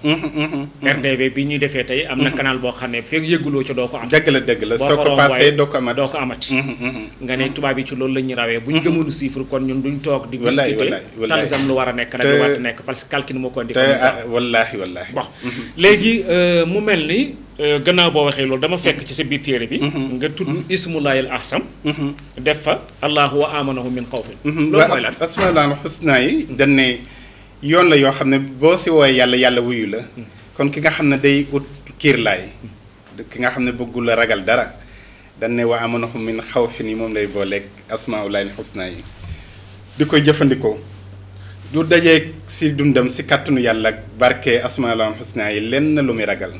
Speaker 1: RDV bi ñuy defee tey am na canal boo xam ne feeg yëguloo ca doo ko am. dëgg la dëgg la soo ko passé doo ko amati doo ko amati. nga ne tubaab yi ci loolu la ñu rawee bu ñu gëmoonu chiffre kon ñun duñ toog di. wallaay wallaay discuter talisam lu war a nekk nag lu war nekk parce que calcul moo ko indi. te ah, wallaahi wallaahi bon léegi euh, mu mel ni. gannaaw boo waxee loolu dama fekk ci sa biir téere bi nga tudd ismullaahil ahsam
Speaker 2: def fa allahu wa amanahu min xawfin loolu mooy lan asmaul husna yi dañ ne yoon la yoo xam ne boo si woowee yàlla yàlla wuyu la kon ki nga xam ne day ut kiirlaay ki nga xam ne bëggul la ragal dara dañ ne wa amanahu min xawfin yi moom lay booleeg asmaullaahil husna yi di koy jëfandikoo du dajee si dundam si kàttanu yàlla barke asmaul husna yi lenn lu muy ragal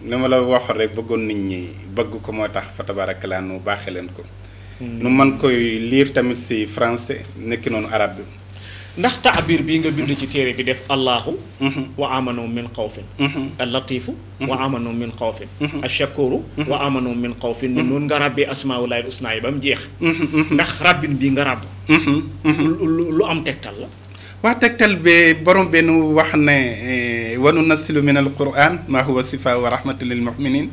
Speaker 2: ni ma la waxoon rek bëggoon nit ñi bëgg ko moo tax fa tabarakalaa nu baaxee leen ko. Hmm. nu man koy liir tamit si français nekki noonu arab bi. ndax taabir bii
Speaker 1: nga bind ci téere bi def allahu hmm. wa amanu min xawfin hmm. allatifu wa amanu min xawfin ashakuru wa amanu min xawfin ne noonu nga ràbbee asmaulahi usnaa yi ba mu jeex
Speaker 2: ndax ràbbin bii nga ràbb lu am tegtal la واتكتل ببرم بنو وحنا وننسل من القرآن ما هو صفة ورحمة للمؤمنين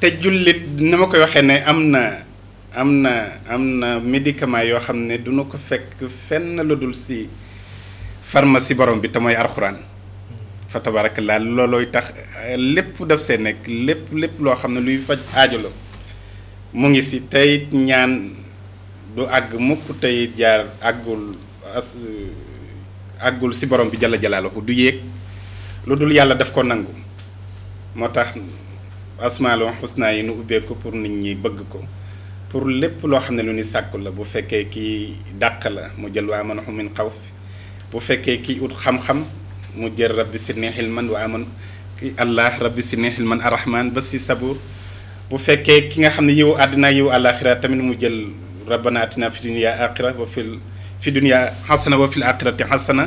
Speaker 2: تجلل نمك وحنا أمنا أمنا أمنا ميديكا ما يوحنا دونك فك فن لدلسي فارماسي برم بتموي القرآن فتبارك الله لولو يتخ لب دف لب لب لو خمنا لو يفج عجلو مونيسي تايت نيان دو أغ مكو جار أغول àggul si borom bi jalla jalaaluhu du yéeg lu dul yàlla daf ko nangu moo tax asmaaloon xusnaa yi nu ubbee ko pour nit ñi bëgg ko pour lépp loo xam ne lu ni sàkku la bu fekkee kii dàq la mu jël wa amanahu min xawf bu fekkee kii ut xam-xam mu jël rabbi sidni xilman wa aman ki allah ba si sabuur bu fekkee ki nga xam ne yiwu àddina yiwu àllaaxira tamit mu jël rabbana atina fi dunya aaxira wa fil في dunya xasana wa fil axirati xasana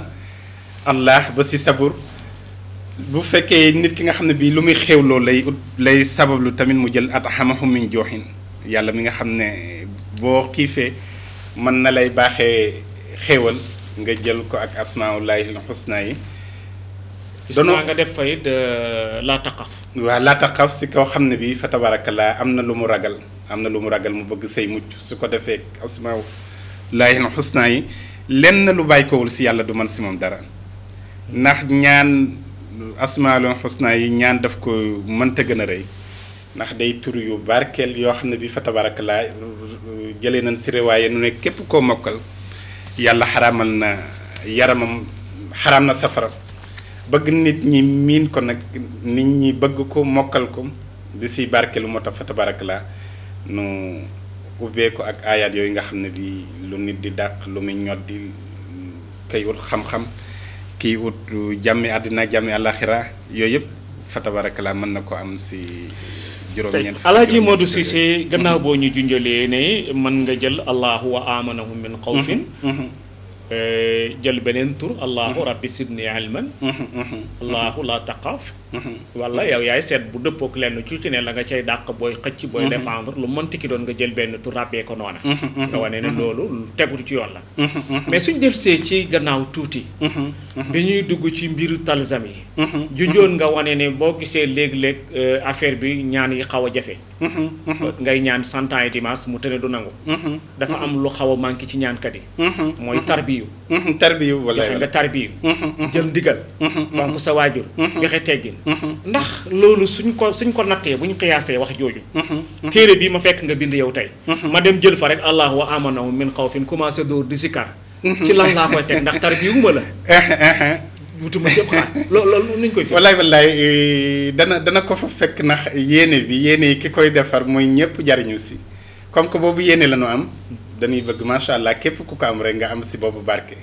Speaker 2: allah ba si sabur bu fekkee nit ki nga xam ne bii lu muy xéwloo lay ut lay sabablu tamit mu jël at xamahum min jooxin yàlla mi nga xam ne boo xiifee mën na lay baaxee xéewal nga jël ko ak asmaullahi xusna yi danoo
Speaker 1: nga def fayit laa taqaf
Speaker 2: waaw laa taqaf si koo xam ne bi fa tabarakallah am na lu mu ragal am na lu mu ragal mu bëgg say mucc su ko defee asmau laayin xusnaa yi lenn lu bàyyi kowul si yàlla du man si moom dara ndax ñaan asmaaloon xusnaa yi ñaan daf ko mënta gën a rëy ndax dey tur yu barkeel yoo xam ne bi fa tabarakalaa jëlee nañ si riwaaye nu ne képp koo mokkal yàlla xaraamal na yaramam xaraam na safara bëgg nit ñi miin ko nag nit ñi bëgg ko mokkal ko di si barkeelu moo tax fa nu ubbeeku ak ayat yooyu nga xam ne bi lu nit di dàq lu muy ñoddi kay ut xam-xam kii ut jàmmi àddina jàmmi àlaxira yooyu yëpp fa tabarakala mën na ko am si juróom-ñeent alhaji modou
Speaker 1: cissé gannaaw mhm. boo ñu junjalee ne mën nga jël allahu wa amanahum min xawfin mhm, mhm. Eh, jël beneen tur allahu rabbi sidni ilman allahu la taqaf wala yow yaay seet bu dëppook lenn ci ci ne la nga cay dàq booy xëcc booy mhm. défendre lu mënti ki doon nga jël benn tur ràbbee ko noona mhm, mhm, nga wane ne loolu tegu ci yoon la mais suñ delsee ci gannaaw tuuti bi ñuy dugg ci mbiru talzam yi junjoon nga wane ne boo gisee léeg-léeg euh, affaire bi ñaan yi xaw a jafe ngay ñaan cent et dimanche mu tëne du nangu dafa am lu xaw a manqué ci ñaankat yi mooy tarbiyu tarbiyu wala nga tarbiyu jël ndigal fonk sa ndax loolu suñ ko suñ ko nattee bu ñu xiyaasee wax jooju téere bii ma fekk nga bind yow tey ma dem jël fa rek allah wa amanaw min xaw fin commencé dóor di sikar ci lan laa koy teg ndax tar bi wuma la
Speaker 2: wutuma si xaar loolu loolu nuñ koy wallaay wallaay eh, dana dana ko fa fekk ndax yéene bi yéene ki koy defar mooy ñëpp jariñu si comme que boobu yéene la ñu am dañuy bëgg macha allah képp ku ko am rek nga am si boobu barke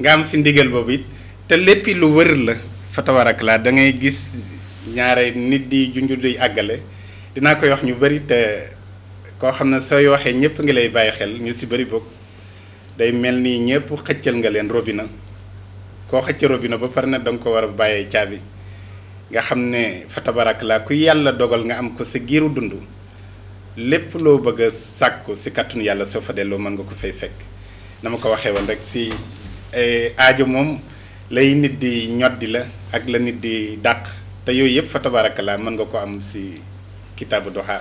Speaker 2: nga am si ndigal boobu it te léppi lu wër la fa tabarakalaa dangay gis ñaare nit di junj duy àggale dinaa koy wax ñu bëri te koo xam ne sooy waxee ñëpp ngi lay bàyyi xel ñu si bëri bokk day mel ni ñëpp xëccal nga leen robina koo xëcc robina ba pare na da ko war a bàyyee caabi nga xam ne fa tabarakalaa ku yàlla dogal nga am ko si giiru dund lépp loo bëgg a sàkku si kàttun yàlla soo fa delloo mën nga ko fay fekk dama ko waxee woon rek si eh, aajo moom. lay nit di ñoddi la ak la nit di dàq te yooyu yëpp fa la mën nga ko am si kitaabu Duha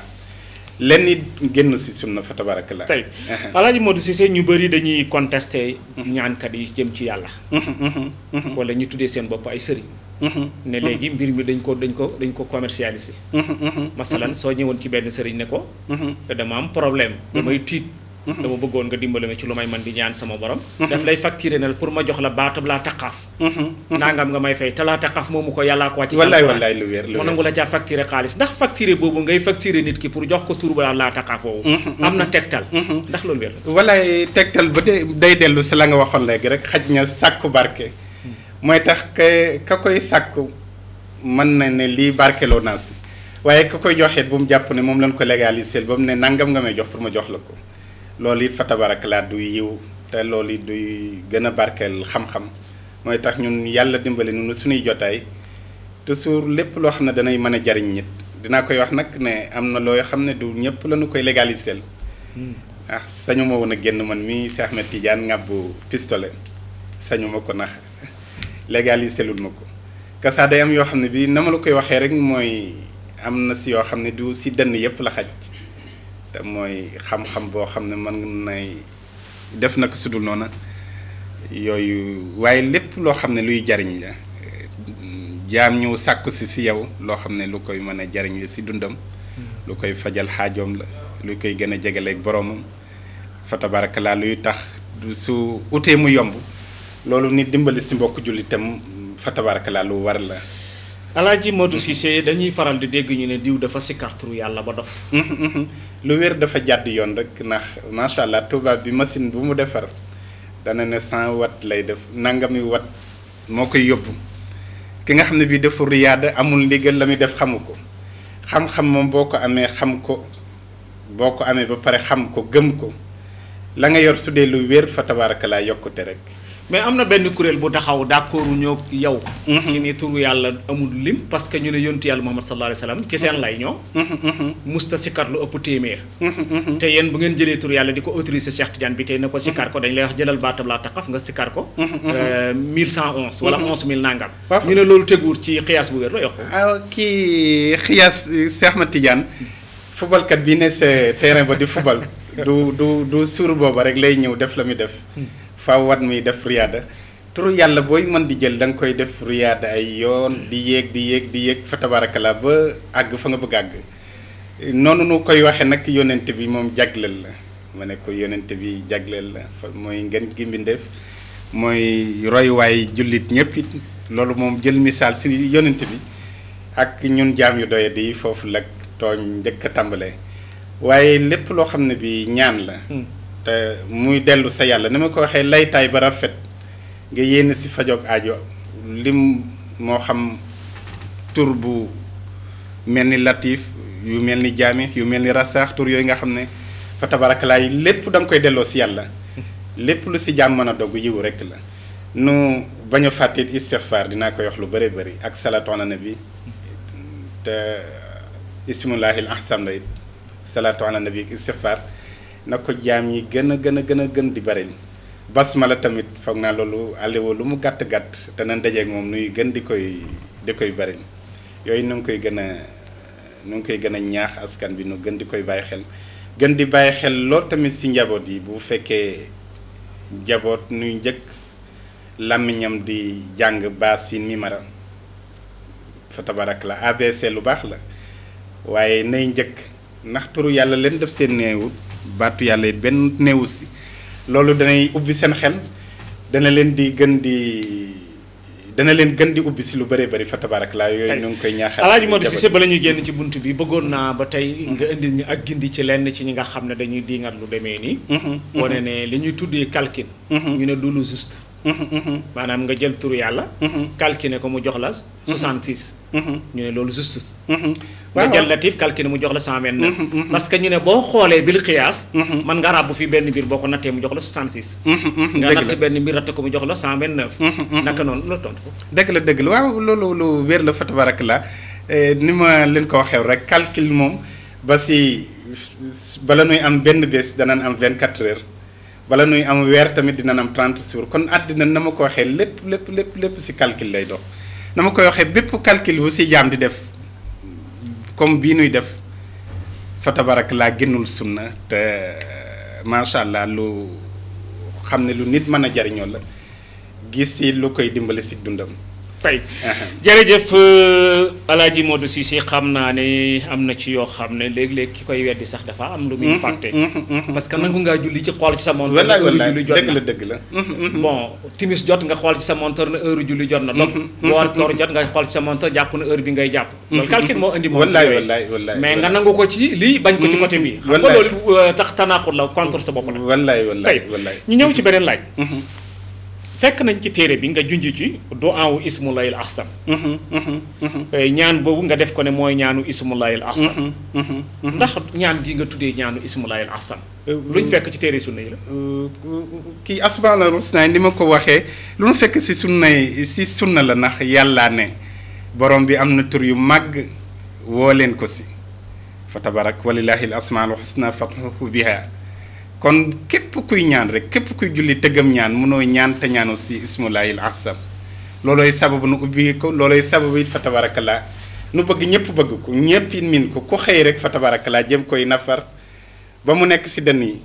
Speaker 2: lenn génn si sunna fa tabarakallah uh-huh.
Speaker 1: tey Alaaji Modou Cissé ñu bëri dañuy contesté uh-huh. ñaankat yi jëm ci yàlla uh-huh, wala ñu tuddee seen bopp ay sëriñ ne léegi mbir mi dañ ko dañ ko dañ ko commercialisé masalan soo ñëwoon ci benn sëriñ ne ko dama am problème damay tiit dama bëggoon nga dimbale ma ci lu may man di ñaan sama borom mm-hmm. daf lay facturé nal pour ma jox la baatab laa taqaaf mm-hmm. Mm-hmm. nangam nga may fay te laa taqaaf moomu ko yàllaa ko wàcc wallaay wallaay lu wér mu nangu la caa facturé xaalis ndax facturé boobu ngay facturé nit ki pour jox ko tur ba laa taqaaf am na tegtal ndax
Speaker 2: loolu wér wallaay tegtal ba de day dellu si la nga waxoon léegi rek xaj na sàkku barke mm. mooy tax ka koy sàkku mën na ne lii barkeloo naa si waaye ka koy joxeet bu mu jàpp ne moom lañ ko légaliser ba mu ne nangam nga may jox pour ma jox la ko loolu it fa laa du yiw te loolu yi duy gën a barkeel xam-xam mooy tax ñun yàlla dimbali ñun suñuy jotaay toujours lépp loo xam ne danay mën a jariñ nit dinaa koy wax nag ne am na looy xam ne du ñëpp la ñu koy légaliser ah sañu ma woon a génn man mii Cheikh Ahmed Tidiane ngàbbu pistole sañuma ko nax légaliser lul ma ko kasaa day am yoo xam ne bii na ma la koy waxee rek mooy am na si yoo xam ne du si dënn yëpp la xaj mooy xam-xam boo xam ne mën nay def nag sudul noona yooyu waaye lépp loo xam ne luy jariñ la jaam ñëw sàkku si si yow loo xam ne lu koy mën a jariñ la si dundam hmm. lu koy fajal xaajoom la lu koy gën a jegeleeg boroomam fa tabarakalaa luy tax su utee mu yomb loolu nit dimbali si mbokk jullitam fa tabarakalaa lu war la Alaaji Modou hmm. Cissé dañuy faral di dégg ñu ne diw dafa sikarturu yàlla ba dof hmm, lu wér dafa jàdd yoon rek nax macha allah tubaab bi machine bu mu defar dana ne cent wat lay def nangami wat moo koy yóbbu ki nga xam ne bii dafa riyaada amul ndigal la muy def xamu ko xam-xam moom boo ko amee xam ko boo ko amee ba pare xam ko gëm ko la nga yor su dee lu wér fa tabaarakalaa yokkute rek. mais am na benn kuréel bu taxaw
Speaker 1: d'accord ñoo yow. Mm-hmm. ci ni turu yàlla amul lim parce que ñu ne yontu yàlla Muhammad sallallahu alayhi wasallam ci seen mm-hmm. lay ñoo mm-hmm. musta sikar lu ëpp téeméer. te yéen bu ngeen jëlee turu yàlla di ko autoriser Cheikh Tidiane bi tey na ko sikar ko dañ lay wax jëlal baatab laa taqaf nga sikar ko. 1111. Euh,
Speaker 2: wala 11000 nangam. ñu ne loolu teguwul ci xiyaas bu wér la yokku. Ah, kii xiyaas Cheikh Ahmed Tidiane. footballkat bi ne sa terrain ba di football. du du rek lay ñëw def la muy def. Hmm. faaw wat muy def riyaada turu yàlla booy man di jël danga koy def riyaada ay yoon di yéeg di yéeg di yéeg fa tabaarakala ba àgg fa nga bëgg àgg noonu nu koy waxee nag yonent bi moom jagleel la ma ne ko yonent bi jagleel la mooy ngeen gi mbindeef mooy roy waay jullit ñëpp loolu moom jël misaal si yonent bi ak ñun jaam yu doye di foofu la tooñ njëkk a tàmbalee waaye lépp loo xam ne bi ñaan la hmm. te muy dellu sa yàlla ni ma ko waxee laytaay ba rafet nga yénn si fajoog aajo lim moo xam tur bu mel ni latif yu mel ni jaami yu mel ni rasaax tur yooyu nga xam ne fa tabarakalaay lépp danga koy delloo si yàlla lépp lu si jaam mën a dogg yiwu rekk la nu bañ a fàtte istixfaar dinaa koy wax lu bëri bëri ak salaatu ala nabi te ismullahil ahsan la it salaatu ala nabi na ko jaam yi gën a gën a gën a gën di bari basmala tamit foog naa loolu àllewo lu mu gàtt gàtt dana dajeeg moom nuy gën di koy di koy bari yooyu nu ngi koy gën a nu ngi koy gën a ñaax askan bi nu gën di koy bàyyi xel gën di bàyyi xel lool tamit si njaboot yi bu fekkee njaboot nuy njëkk làmmiñam di jàng baas yi mimara fa tabarak la ABC lu baax la waaye nay njëkk ndax turu yàlla leen def seen neewut baatu yàlla it benn néewu si loolu danay ubbi seen xel dana leen di gën di dana leen gën di ubbi si lu bëree bëri fa tabarak laa yooyu ñu ngi koy ñaaxal alaaji Modou Cissé bala
Speaker 1: génn ci bunt bi bëggoon naa ba tey nga indi ak gindi ci lenn ci ñi nga xam ne dañuy diingat lu demee nii mm-hmm, mm-hmm. wane ne li ñuy tuddee calcul mm-hmm. ñu ne du lu maanaam nga jël turu yàlla calculer ko mu jox la 66 ñu ne loolu justice nga jël latif mu jox la cent vingt neuf mm-hmm, mm-hmm. que ñu ne boo xoolee bil xiyaas mm-hmm. man nga ràbb fii benn mbir boo ko nattee mu jox la soixante six benn mbir ko mu jox la cent vingt neuf naka noonu
Speaker 2: la tontu dëgg la dëgg la waaw loolu lu wér la fa tabarak la eh, ni ma leen ko waxee rek calcul moom ba si bala nuy am benn bés danañ am vingt quatre heures bala nuy am weer tamit dinañ am trente jours kon àddina na ma ko waxee lépp lépp lépp lépp si calcul lay dox na ma koy waxee bépp calcul bu si jaam di def comme bii nuy def fa laa génnul sunna te macha allah lu xam ne lu nit mën a jariñoo la gis si lu koy dimbali si dundam tey uh-huh. jërëjëf euh, Alaaji si si xam naa ne
Speaker 1: am na ci yoo xam ne léeg-léeg ki koy weddi sax dafa am lu muy mm-hmm, fàtte mm-hmm,
Speaker 2: mm-hmm. parce que nangu ngaa julli
Speaker 1: ci xool ci sa montor na heure julli jot na dëgg la bon timis jot nga xool ci sa montor na heure julli jot na donc woor koor jot nga xool ci jàpp na heure bi ngay jàpp loolu calcul moo indi moom mais nga nangu ko ci lii bañ ko ci côté bii xam nga loolu euh, tax tanaaqul la contre sa bopp la wallaay wallaay wallaay ñu ñëw ci beneen laaj fekk nañ ci téere bi nga junj ci du awu ismullahil ahsan eh, ñaan boobu nga def ko ne mooy ñaanu ismullahil ahsan ndax ñaan gi nga tuddee ñaanu ismullahil ahsan eh, luñ fekk ci téere
Speaker 2: sunna yi la kii asbaana rusna ni ma ko waxee lu nu fekk si sunna yi si sunna la ndax yàllaa ne borom bi am na tur yu màgg woo leen ko si fa tabarak walillahil asmaanul husna fad'uhu biha kon képp kuy ñaan rek képp kuy julli tëggam ñaan mënoo ñaan te ñaanoo si ismullahil asam loolooy sababu nu ubbi ko loolooy sababu it fa tabarakallah nu bëgg ñëpp bëgg ko ñëpp miin min ko ku xëy rek fa tabarakallah jëm koy nafar ba mu nekk si dënn yi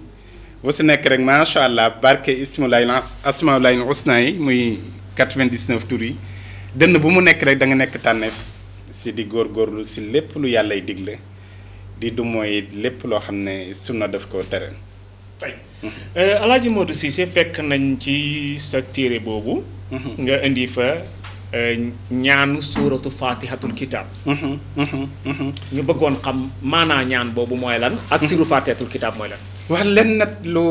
Speaker 2: bu si nekk rek macha allah barke ismullahil asmaulahil husna yi muy 99 tur yi dënn bu mu nekk rek da nga nekk tànneef si di góorgóorlu si lépp lu yàllay digle di du mooy lépp loo xam ne sunna daf koo tere Ala eh, alaaji Modou Cissé fekk nañ ci sa téere bobu mhm. nga indi
Speaker 1: fa eh, ñaanu suuratu fatihatul kitab mhm, mhm, ñu
Speaker 2: bëggoon xam kam ñaan boobu mooy lan ak siru fatihatul kitab mooy lan wax len nat lo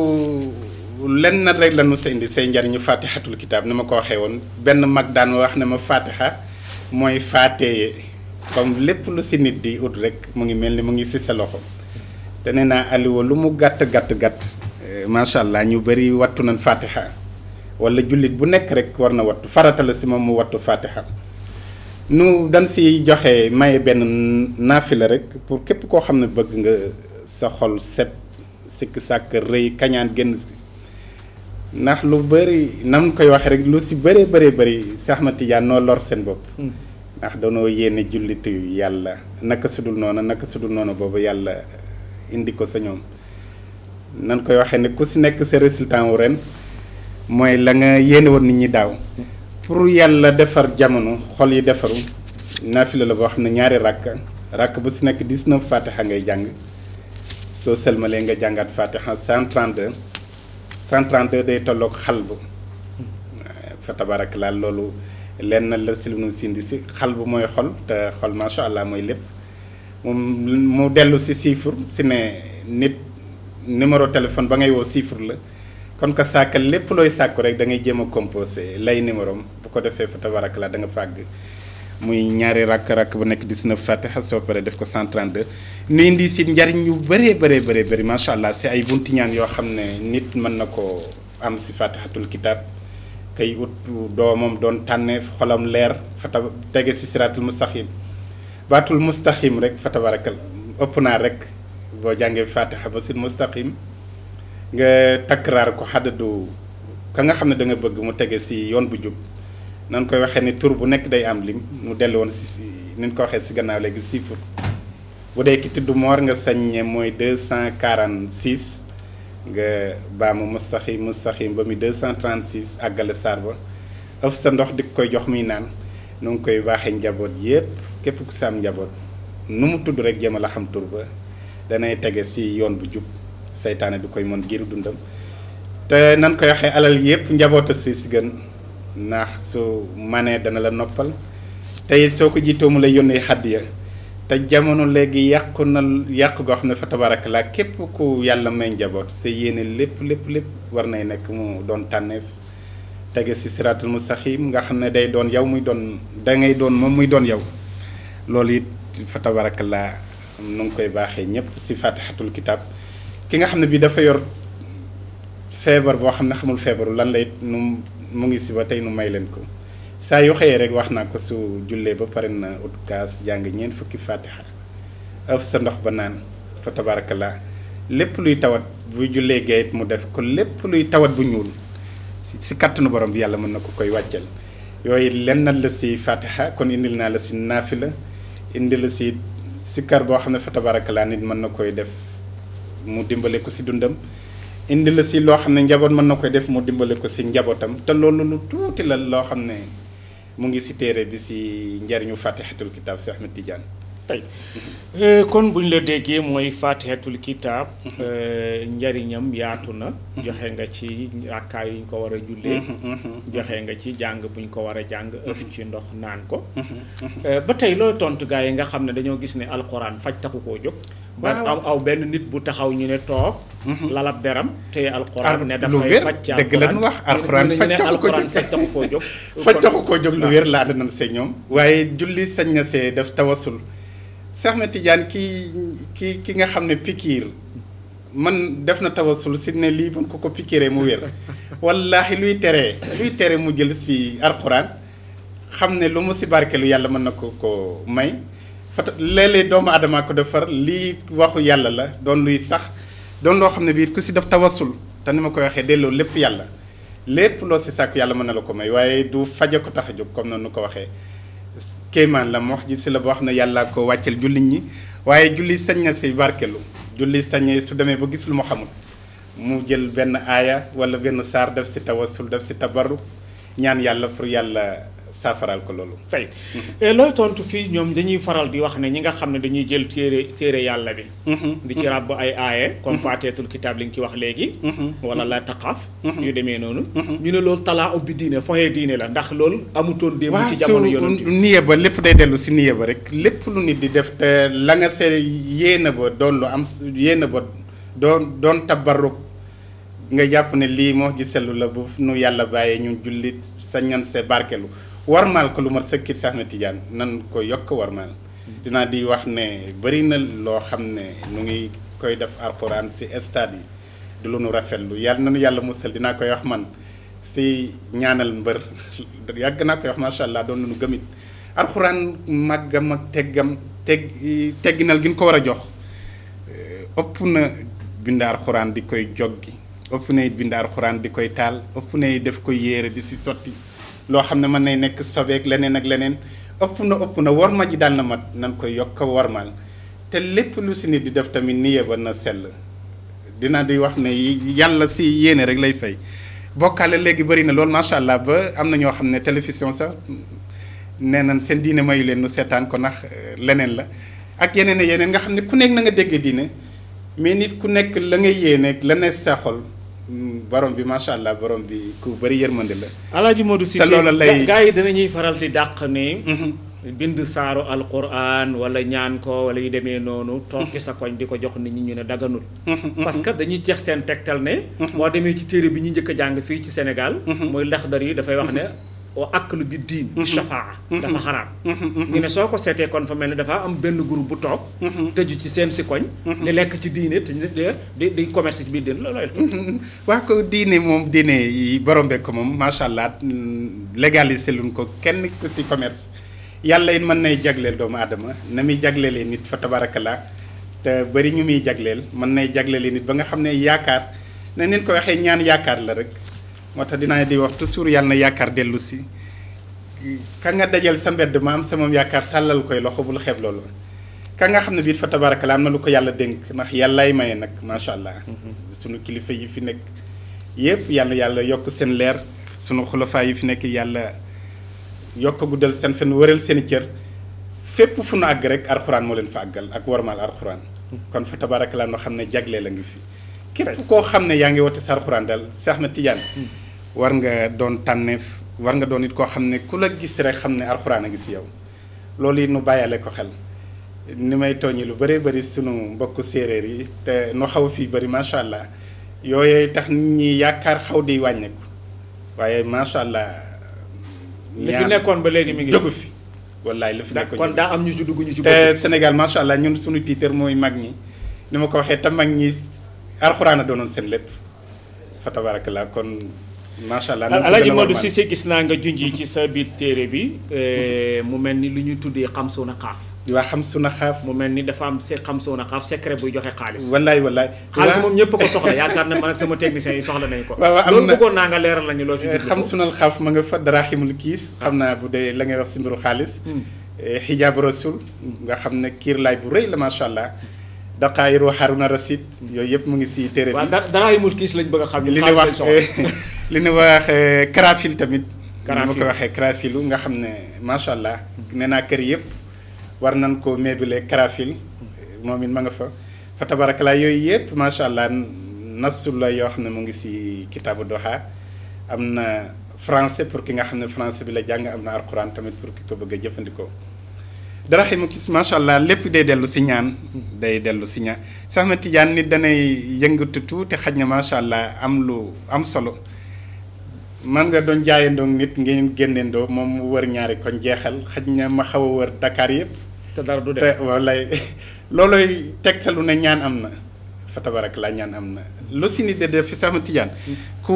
Speaker 2: len nat rek lanu sa indi say fatihatul kitab ni ma ko waxee woon ben mag daan ma wax ne ma fatiha mooy faateye comme lu nit di ut rek mu ngi mu te nee naa Aliou lu mu gàtt gàtt gàtt eh, macha allah ñu bëri wattu na fatiha wala jullit bu nekk rek war na wattu farata si moom mu wattu fatiha nu dan si joxe maye benn la rek pour képp koo xam ne bëgg nga sa xol set sikk sàkk rëy kañaan génn si ndax lu bëri nam koy waxee rek lu si bëree bëree bëri si Ahmad Tijaan noo lor seen bopp hmm. ndax danoo yéene jullitu yàlla naka sudul noonu naka sudul noonu boobu yàlla indi ko sa ñoom nan koy waxee ne ku si nekk sa résultant wu ren mooy la nga yéene woon nit ñi daaw pour yàlla defar jamono xol yi defaru naafila la boo xam ne ñaari rakk rakk bu si nekk fàtte fatiha ngay jàng soo selmalee nga jàngaat fatiha 132 132 day tolloog xal bu fa tabarak laal loolu lenn la si sindi si xal bu mooy xol te xol macha allah mooy lépp moom mu dellu si chiffre si ne nit numéro téléphone ba ngay woo chiffre la kon ko sàkkal lépp looy sàkku rek da ngay jéem a composé lay numéro bu ko defee fa tabarak la da nga fàgg muy ñaari rakk-rakk bu nekk 19 fatiha soo paree def ko 132 ni indi si njariñ yu bëree bëree bëree bëri macha allah si ay bunti ñaan yoo xam ne nit mën na ko am si fatihatul kitab kay ut doomam doon tànneef xolam leer fa tege si siratul mustaqim baatul mustaqim rek fa tabarakal ëpp naa rek boo jàngee fatiha ba sil mustaqim nga takraar ko xadadu ka nga xam ne da nga bëgg mu tege si yoon bu jub nan koy waxee ni tour bu nekk day am li mu dellu woon si ni ñu ko waxee si gannaaw léegi chiffre bu dee ki du moor nga saññe mooy deux cent quarante six nga baamu mustaxim mustaxim ba mu deux cent trente six àggale saar ba ëf sa ndox di koy jox muy naan nu ngi koy baaxee njaboot yépp képp ku sam njabot nu mu tudd rek jéem la xam tur ba danay tege si yoon bu jub seytaane du koy mon giir dundam te nan koy alal yépp njaboota si si gën ndax su manee dana la noppal tey soko ko mu lay yónnee hadiya te jamono léegi yàqu na yàqu goo xam fa tabarakalaa képp ku yalla may njabot sa yene lepp lepp lepp war nay nek mu don tanef tege si siratul mustaqim nga xamne day don yaw muy don da ngay don mom muy don yaw loolu it fa tabarakallah nu ngi koy baaxee ñëpp si fatihatul kitab ki nga xam ne bii dafa yor feebar boo xam ne xamul feebaru lan lay nu mu ngi si ba tey nu may leen ko saa yoo xëyee rek wax naa ko su jullee ba pare na ut kaas jàng ñeent fukki fatiha ëf sa ndox ba naan fa tabarakallah lépp luy tawat bu jullee gayit mu def ko lépp luy tawat bu ñuul si kàttanu borom bi yàlla mën na ko koy wàcceel yooyu lenn la si fatiha kon indil naa la si naafila indi la si sikkar boo xam ne fa laa nit mën na koy def mu dimbale ko si dundam indi la si loo xam ne njaboot mën na koy def mu dimbale ko si njabootam te loolu lu tuuti la loo xam ne mu ngi si téere bi si njariñu fatihatul kitab si Ahmed Tidiane tey
Speaker 1: euh, kon bu ñu la déggee mooy faatihatul kitaab euh, njariñam yaatu na joxe nga ci rakkaa yu ñu ko war a jullee mm-hmm, mm-hmm. joxe nga ci jàng bu ñu ko war jàng mm-hmm. ëf ci ndox naan ko euh, ba tey looy tontu gaa yi nga xam ne dañoo gis ne alxuraan faj taxu koo jóg ba aw aw benn nit bu taxaw ñu ne toog lalab deram téye
Speaker 2: alxuraan ne dafay faj ci dëgg lañu wax alxuraan faj taxu koo jóg faj taxu koo jóg lu wér laa danan see ñoom waaye julli sañ na see def tawasul Cheikh Ahmed Tidiane kii ki ki nga xam ne pikiir man def na tawasul si ne lii buñ ko ko pikiiree mu wér wallaahi luy teree luy tere mu jël si alxuraan xam ne lu mu si barkelu yàlla mën na ko ko may fata léeg-léeg doomu aadama ko defar lii waxu yàlla la doon luy sax doon loo xam ne bii ku si def tawasul te ni ma koy waxee delloo lépp yàlla lépp loo si sàkk yàlla mën na la ko may waaye du faje ko tax a jóg comme noonu ko waxee كيمان لما وخ جي سيلا بوخنا يالا كو واتيل جولي ني واي جولي سنيا سي باركلو جولي سنيا سو دامي بو غيس محمد مو جيل بن ايا ولا بن سار داف سي توسل داف سي تبرو نيان يالا فر يالا saafaral ko loolu tey eh, looy tontu fii ñoom dañuy faral di wax ne ñi nga xam ne dañuy jël
Speaker 1: téere téere yàlla bi mm-hmm. di ci mm-hmm. ràbb ay aaye comme mm-hmm. faateetul kitaab li nga ci wax léegi wala la taqaaf demee noonu ñu ne loolu talaa ubbi diine foyee la ndax loolu amutoon démb ci jamono yonent
Speaker 2: niye ba lépp day dellu si niye ba rek lépp lu nit di def te la nga see yéena ba doon lu am yéena ba doon doon tabarruk nga jàpp ne lii moo ci sellu la bu nu yàlla bàyyee ñun jullit sañan see barkelu war maal ko lu mat sëkkit si Ahmed Tidiane nan ko yokk war warmaal dinaa di wax ne bëri na loo xam ne nu ngi koy def alxuraan si stade yi du lu nu rafetlu yàlla nanu yàlla musal dinaa koy wax man si ñaanal mbër yàgg naa koy wax macha allah doon nañu gëmit alxuraan màggam ak teggam teg tegginal gi ñu ko war a jox eh, ëpp na bind alxuraan di koy joggi ëpp na it bind alxuraan di koy taal ëpp na def ko yére di si sotti loo xam ne mën nay nekk sobeek leneen ak leneen ëpp na ëpp na war ma ji daal na mat nan koy yokk warmal te lépp lu si nit di def tamit niye ba na sell dina di wax ne yàlla si yéene rek lay fay bokkaale léegi bëri na loolu macha allah ba am na ñoo xam ne télévision sax nee nan seen diine mayu leen nu seetaan ko ndax euh, leneen la ak yeneen yeneen nga xam ne ku nekk na nga dégg diine mais nit ku nekk la ngay yéene la ne sa xol Mm, borom bi macha allah borom bi ku bëri yërmande la. alaaji Modou Cissé gaa yi danañuy
Speaker 1: faral di dàq ne. Mm-hmm. bind saaru alquran wala ñaan ko wala yu demee noonu. toog sa koñ di ko jox nit ñi ñu ne daganul. Mm-hmm. parce que dañuy jeex seen tegtal ne. Mm-hmm. boo demee ci téere bi ñu jëkk a jàng fii ci Sénégal. mooy laxdar yi dafay wax ne. wa aklu bi diin mm-hmm. shafaa mm-hmm. dafa xaraam
Speaker 3: mm-hmm. ñu ne soo
Speaker 1: ko seetee kon fa mel ni dafa am benn groupe bu toog
Speaker 2: tëju ci seen si koñ di lekk ci diine te di di commerce ci biir diine loolu wax ko diine moom diine yi borom bekk moom macha allah légaliser luñ ko kenn ku si commerce yàlla it mën nay jagleel doomu aadama na muy jaglelee nit fa tabarakalaa te bëri ñu muy jagleel mën nay jaglelee nit ba nga xam ne yaakaar ne neen ko waxee ñaan yaakaar la rek moo tax dinaa di wax toujours yàlla na yaakaar dellu si ka nga dajal sa mbedd ma am sa moom yaakaar tàllal koy loxo bul xeeb loolu ka nga xam ne biit fa tabarakala am na lu ko yàlla dénk ndax yàllaay maye nag macha allah. sunu kilifa yi fi nekk yëpp yàlla yàlla yokk seen leer sunu xulafaa yi fi nekk yàlla yokk guddal seen fen wëral seen i cër fépp fu nu àgg rek alxuraan moo leen fa àggal ak warmaal alxuraan kon fa tabarakala noo xam ne jagle la ngi fi. képp koo xam ne yaa ngi woote sa alxuraan daal Seex Ahmed Tidiane war nga doon tànneef war nga doon it koo xam ne ku la gis rek xam ne alxuraan a ngi si yow loolu it nu bàyyale ko xel ni may tooñi lu bëree bëri sunu mbokku séeréer yi te nu xaw fii bëri macha allah yooyu tax nit ñi yaakaar xaw di wàññeeku waaye macha allah. li fi nekkoon ba léegi mi ngi jógu fi. wallaay li fi nekkoon kon daa am ñu ci dugg ñu ci te Sénégal macha allah ñun sunu tiitër mooy mag ñi ni ma ko waxee te mag ñi alxuraan a doonoon seen lépp fa tabarakallah kon. macha allah alaaji Modou
Speaker 1: Cissé gis naa nga junj ci sa biir téere bi. Eh, mu mel ni lu ñu tuddee xam suuna xaaf. waa xam suuna xaaf. mu mel ni dafa am se xam suuna xaaf secret buy joxe xaalis. wallaay wallaay. xaalis moom ñëpp ko soxla yaakaar na man ak sama technicien yi soxla nañu ko. waaw am na loolu bëggoon
Speaker 2: naa nga leeral lañu loo ci. xam suuna xaaf ma nga fa daraaximul kiis. xam naa bu dee la ngay wax si mbiru xaalis. xijaab hmm. eh, rasul nga xam ne kiir laay bu rëy la macha allah. daqaayiru haruna rasid yooyu yëpp mu ngi si téere bi. waaw dara yu mul kiis lañ bëgg a xam. li ne wax li ñu wax eh, karafil tamit. karafil ma ko waxee karafilu nga xam ma macha allah. nee kër war nan ko meebule karafil. Eh, moom it ma nga fa fa tabarakalaa yooyu yëpp allah nasul la hamne xam ne doha, ngi France, kitaabu doxa am na français pour ki nga xam ne français bi la jàng am na tamit pour ki ko bëgg a jëfandikoo. dara ma gis allah lépp day dellu si ñaan day dellu si ñaan sax ma tijaan te ma allah am lu am solo. man nga doon jaayandoog nit ngeen génneendoo moom mu wër ñaari koñ jeexal xaj na ma xaw a wër Dakar yëpp. te dara du dee te wallay loolooy tegtalu ne ñaan am na fa tabarak la ñaan am na lu si ni de def fi sama tijaan ku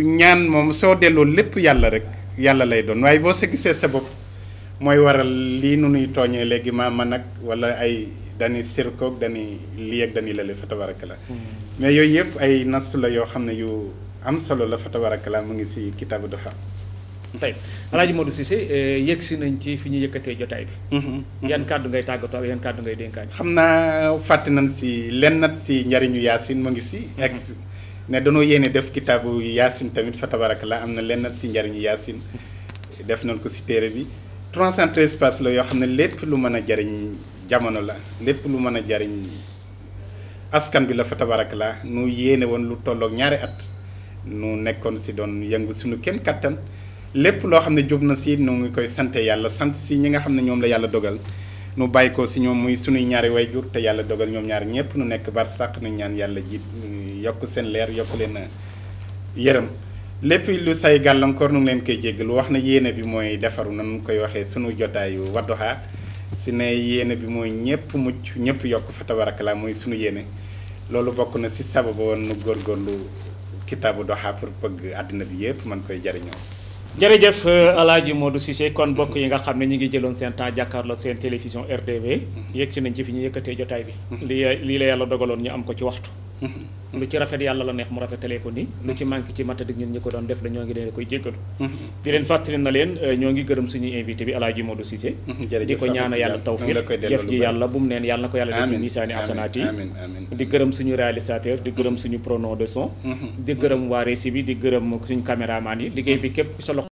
Speaker 2: ñaan moom soo delloo lépp yàlla rek yàlla lay doon waaye boo sa gisee sa bopp mooy waral lii nu nuy tooñee léegi maa man ak wala ay dañuy sirkoog dañuy lii ak dañuy lale fa tabarak la
Speaker 3: hmm.
Speaker 2: mais yooyu yëpp ay nastu la yoo xam ne yu. am solo la fa tabarakala mu ngi si kitaabu Duha tey Alaaji Modou Cissé
Speaker 1: eh, yegg si nañ ci fi ñu yëkkatee jotaay bi mm-hmm, mm-hmm. yan kàddu ngay tàggatoo ak yan kàddu ngay dénkaani
Speaker 2: xam naa fàtte nañ si lennat si njariñu yaasin mu ngi si ak mm-hmm. ne dañoo yéene def kitaabu yaasin tamit fa la am na lennat si njariñu yaasin def nañ ko si téere bi 313 pages la yoo xam ne lépp lu mën a jariñ jamono la lépp lu mën a jariñ askan bi la fa la nu yéene woon lu tolloog ñaari at nu nekkoon si doon yëngu suñu kenn kattan lépp loo xam ne jóg na si nu ngi koy sante yàlla sant si ñi nga xam ne ñoom la yàlla dogal nu bàyyi ko si ñoom muy sunuy ñaari way jur te yàlla dogal ñoom ñaar ñëpp nu nekk bar sàq nu ñaan yàlla ji yokk seen leer yokk leen yërëm lépp lu say gàllankoor nu ngi leen koy jéggalu wax na yéene bi mooy defaru na nan koy waxee sunu jotaayu Wadduha si ne yéene bi mooy ñëpp mucc ñëpp yokk fa tabarakala mooy sunu yéene loolu bokk na si sababu woon nu góorgóorlu kitaabu Duha pour bëgg àddina bi yëpp man koy jariñoo
Speaker 1: jërëjëf euh, Alaaji Modou Cissé kon bokk yi nga xam ne ñu ngi jëloon seen temps jàkkaarloog seen télévision RTV mm-hmm. yëg nañ ci fi ñu yëkkatee jotaay bi mm-hmm. li lii la yàlla dogaloon ñu am ko ci waxtu lu ci rafet yàlla la neex mu rafetalee ko nii lu ci manqué ci matadik ñun ñi ko doon def la ñoo ngi leen koy jéggalu di leen fàttali na leen eh, ñoo ngi gërëm suñuy invité bi Alaaji Modou Cissé mm-hmm. di ko ñaana yàlla tawfiq jëf ji yàlla bu mu neen yàlla na ko yàlla def ci misaani asanaat di gërëm suñu réalisateur di gërëm mm-hmm. suñu prono de son mm-hmm. di gërëm waa régie di gërëm suñu caméraman yi liggéey bi képp sa